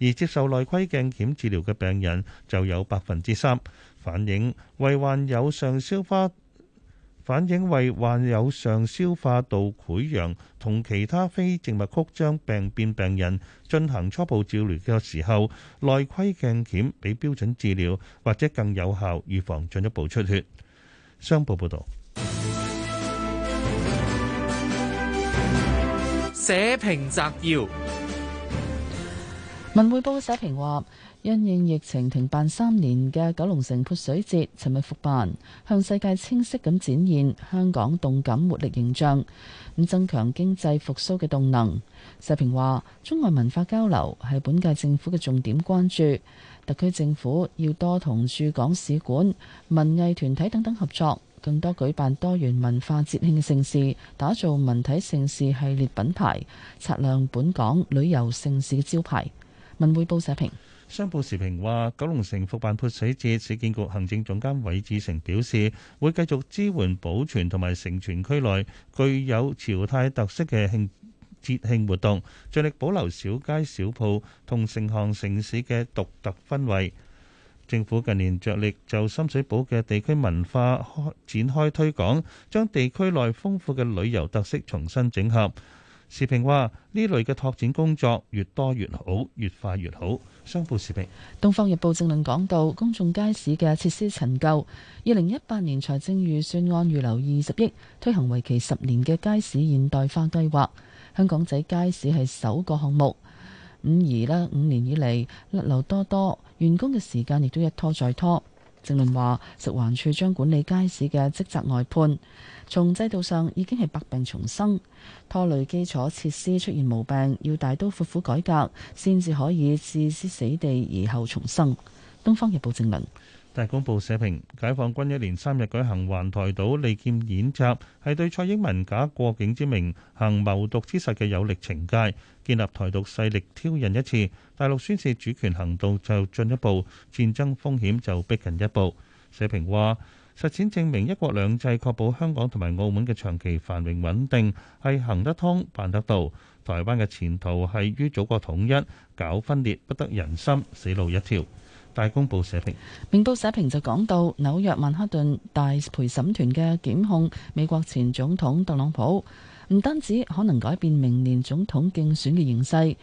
而接受內窺鏡檢治療嘅病人就有百分之三反映為患有上消化反映為患有上消化道潰瘍同其他非靜脈曲張病變，病人進行初步照療嘅時候，內窺鏡檢比標準治療或者更有效預防進一步出血。商報報道：社評摘要。文匯報社評話，因應疫情停辦三年嘅九龍城潑水節，尋日復辦，向世界清晰咁展現香港動感活力形象，咁增強經濟復蘇嘅動能。社評話，中外文化交流係本屆政府嘅重點關注，特區政府要多同駐港使館、文藝團體等等合作，更多舉辦多元文化節慶嘅盛事，打造文體盛事系列品牌，擦亮本港旅遊盛事嘅招牌。文匯報社評，商報時評話，九龍城復辦潑水節，市建局行政總監韋志成表示，會繼續支援保存同埋承傳區內具有潮泰特色嘅慶節慶活動，着力保留小街小鋪同成行成市嘅獨特氛圍。政府近年着力就深水埗嘅地區文化開展開推廣，將地區內豐富嘅旅遊特色重新整合。時評話呢類嘅拓展工作越多越好，越快越好。雙報時評，《東方日報》正論講到公眾街市嘅設施陳舊，二零一八年財政預算案預留二十億推行為期十年嘅街市現代化計劃，香港仔街市係首個項目。五而咧五年以嚟甩漏多多，完工嘅時間亦都一拖再拖。正論話食環署將管理街市嘅職責外判，從制度上已經係百病叢生，拖累基礎設施出現毛病，要大刀闊斧改革，先至可以置之死地而後重生。東方日報正論。大公報社評：解放軍一連三日舉行環台島利劍演習，係對蔡英文假過境之名行謀獨之實嘅有力懲戒，建立台獨勢力挑釁一次，大陸宣示主權行動就進一步，戰爭風險就逼近一步。社評話：實踐證明一國兩制確保香港同埋澳門嘅長期繁榮穩定係行得通、辦得到。台灣嘅前途係於祖國統一，搞分裂不得人心，死路一條。大公報社評，明報社評就講到紐約曼哈頓大陪審團嘅檢控美國前總統特朗普，唔單止可能改變明年總統競選嘅形勢，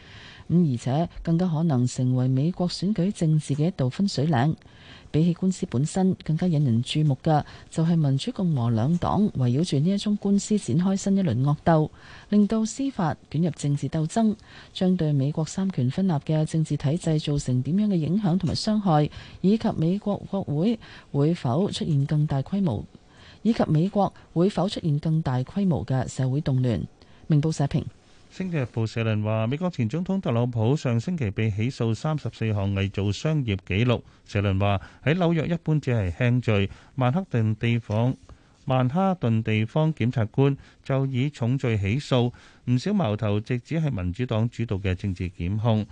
咁而且更加可能成為美國選舉政治嘅一道分水嶺。比起官司本身更加引人注目嘅，就係民主共和兩黨圍繞住呢一宗官司展開新一輪惡鬥，令到司法捲入政治鬥爭，將對美國三權分立嘅政治體制造成點樣嘅影響同埋傷害，以及美國國會會否出現更大規模，以及美國會否出現更大規模嘅社會動亂？明報社評。《星島日報》社論話：美國前總統特朗普上星期被起訴三十四項偽造商業記錄。社論話喺紐約一般只係輕罪，曼克頓地方曼哈頓地方檢察官就以重罪起訴。唔少矛頭直指係民主黨主導嘅政治檢控。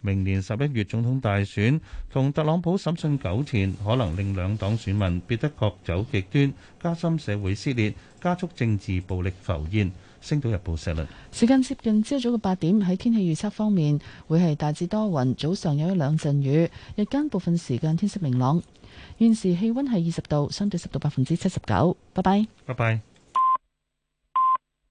明年十一月總統大選同特朗普審訊九前，可能令兩黨選民變得各走極端，加深社會撕裂，加速政治暴力浮現。星島日報社論：時間接近朝早嘅八點，喺天氣預測方面，會係大致多雲，早上有一兩陣雨，日間部分時間天色明朗。現時氣溫係二十度，相對濕度百分之七十九。拜拜。 拜拜。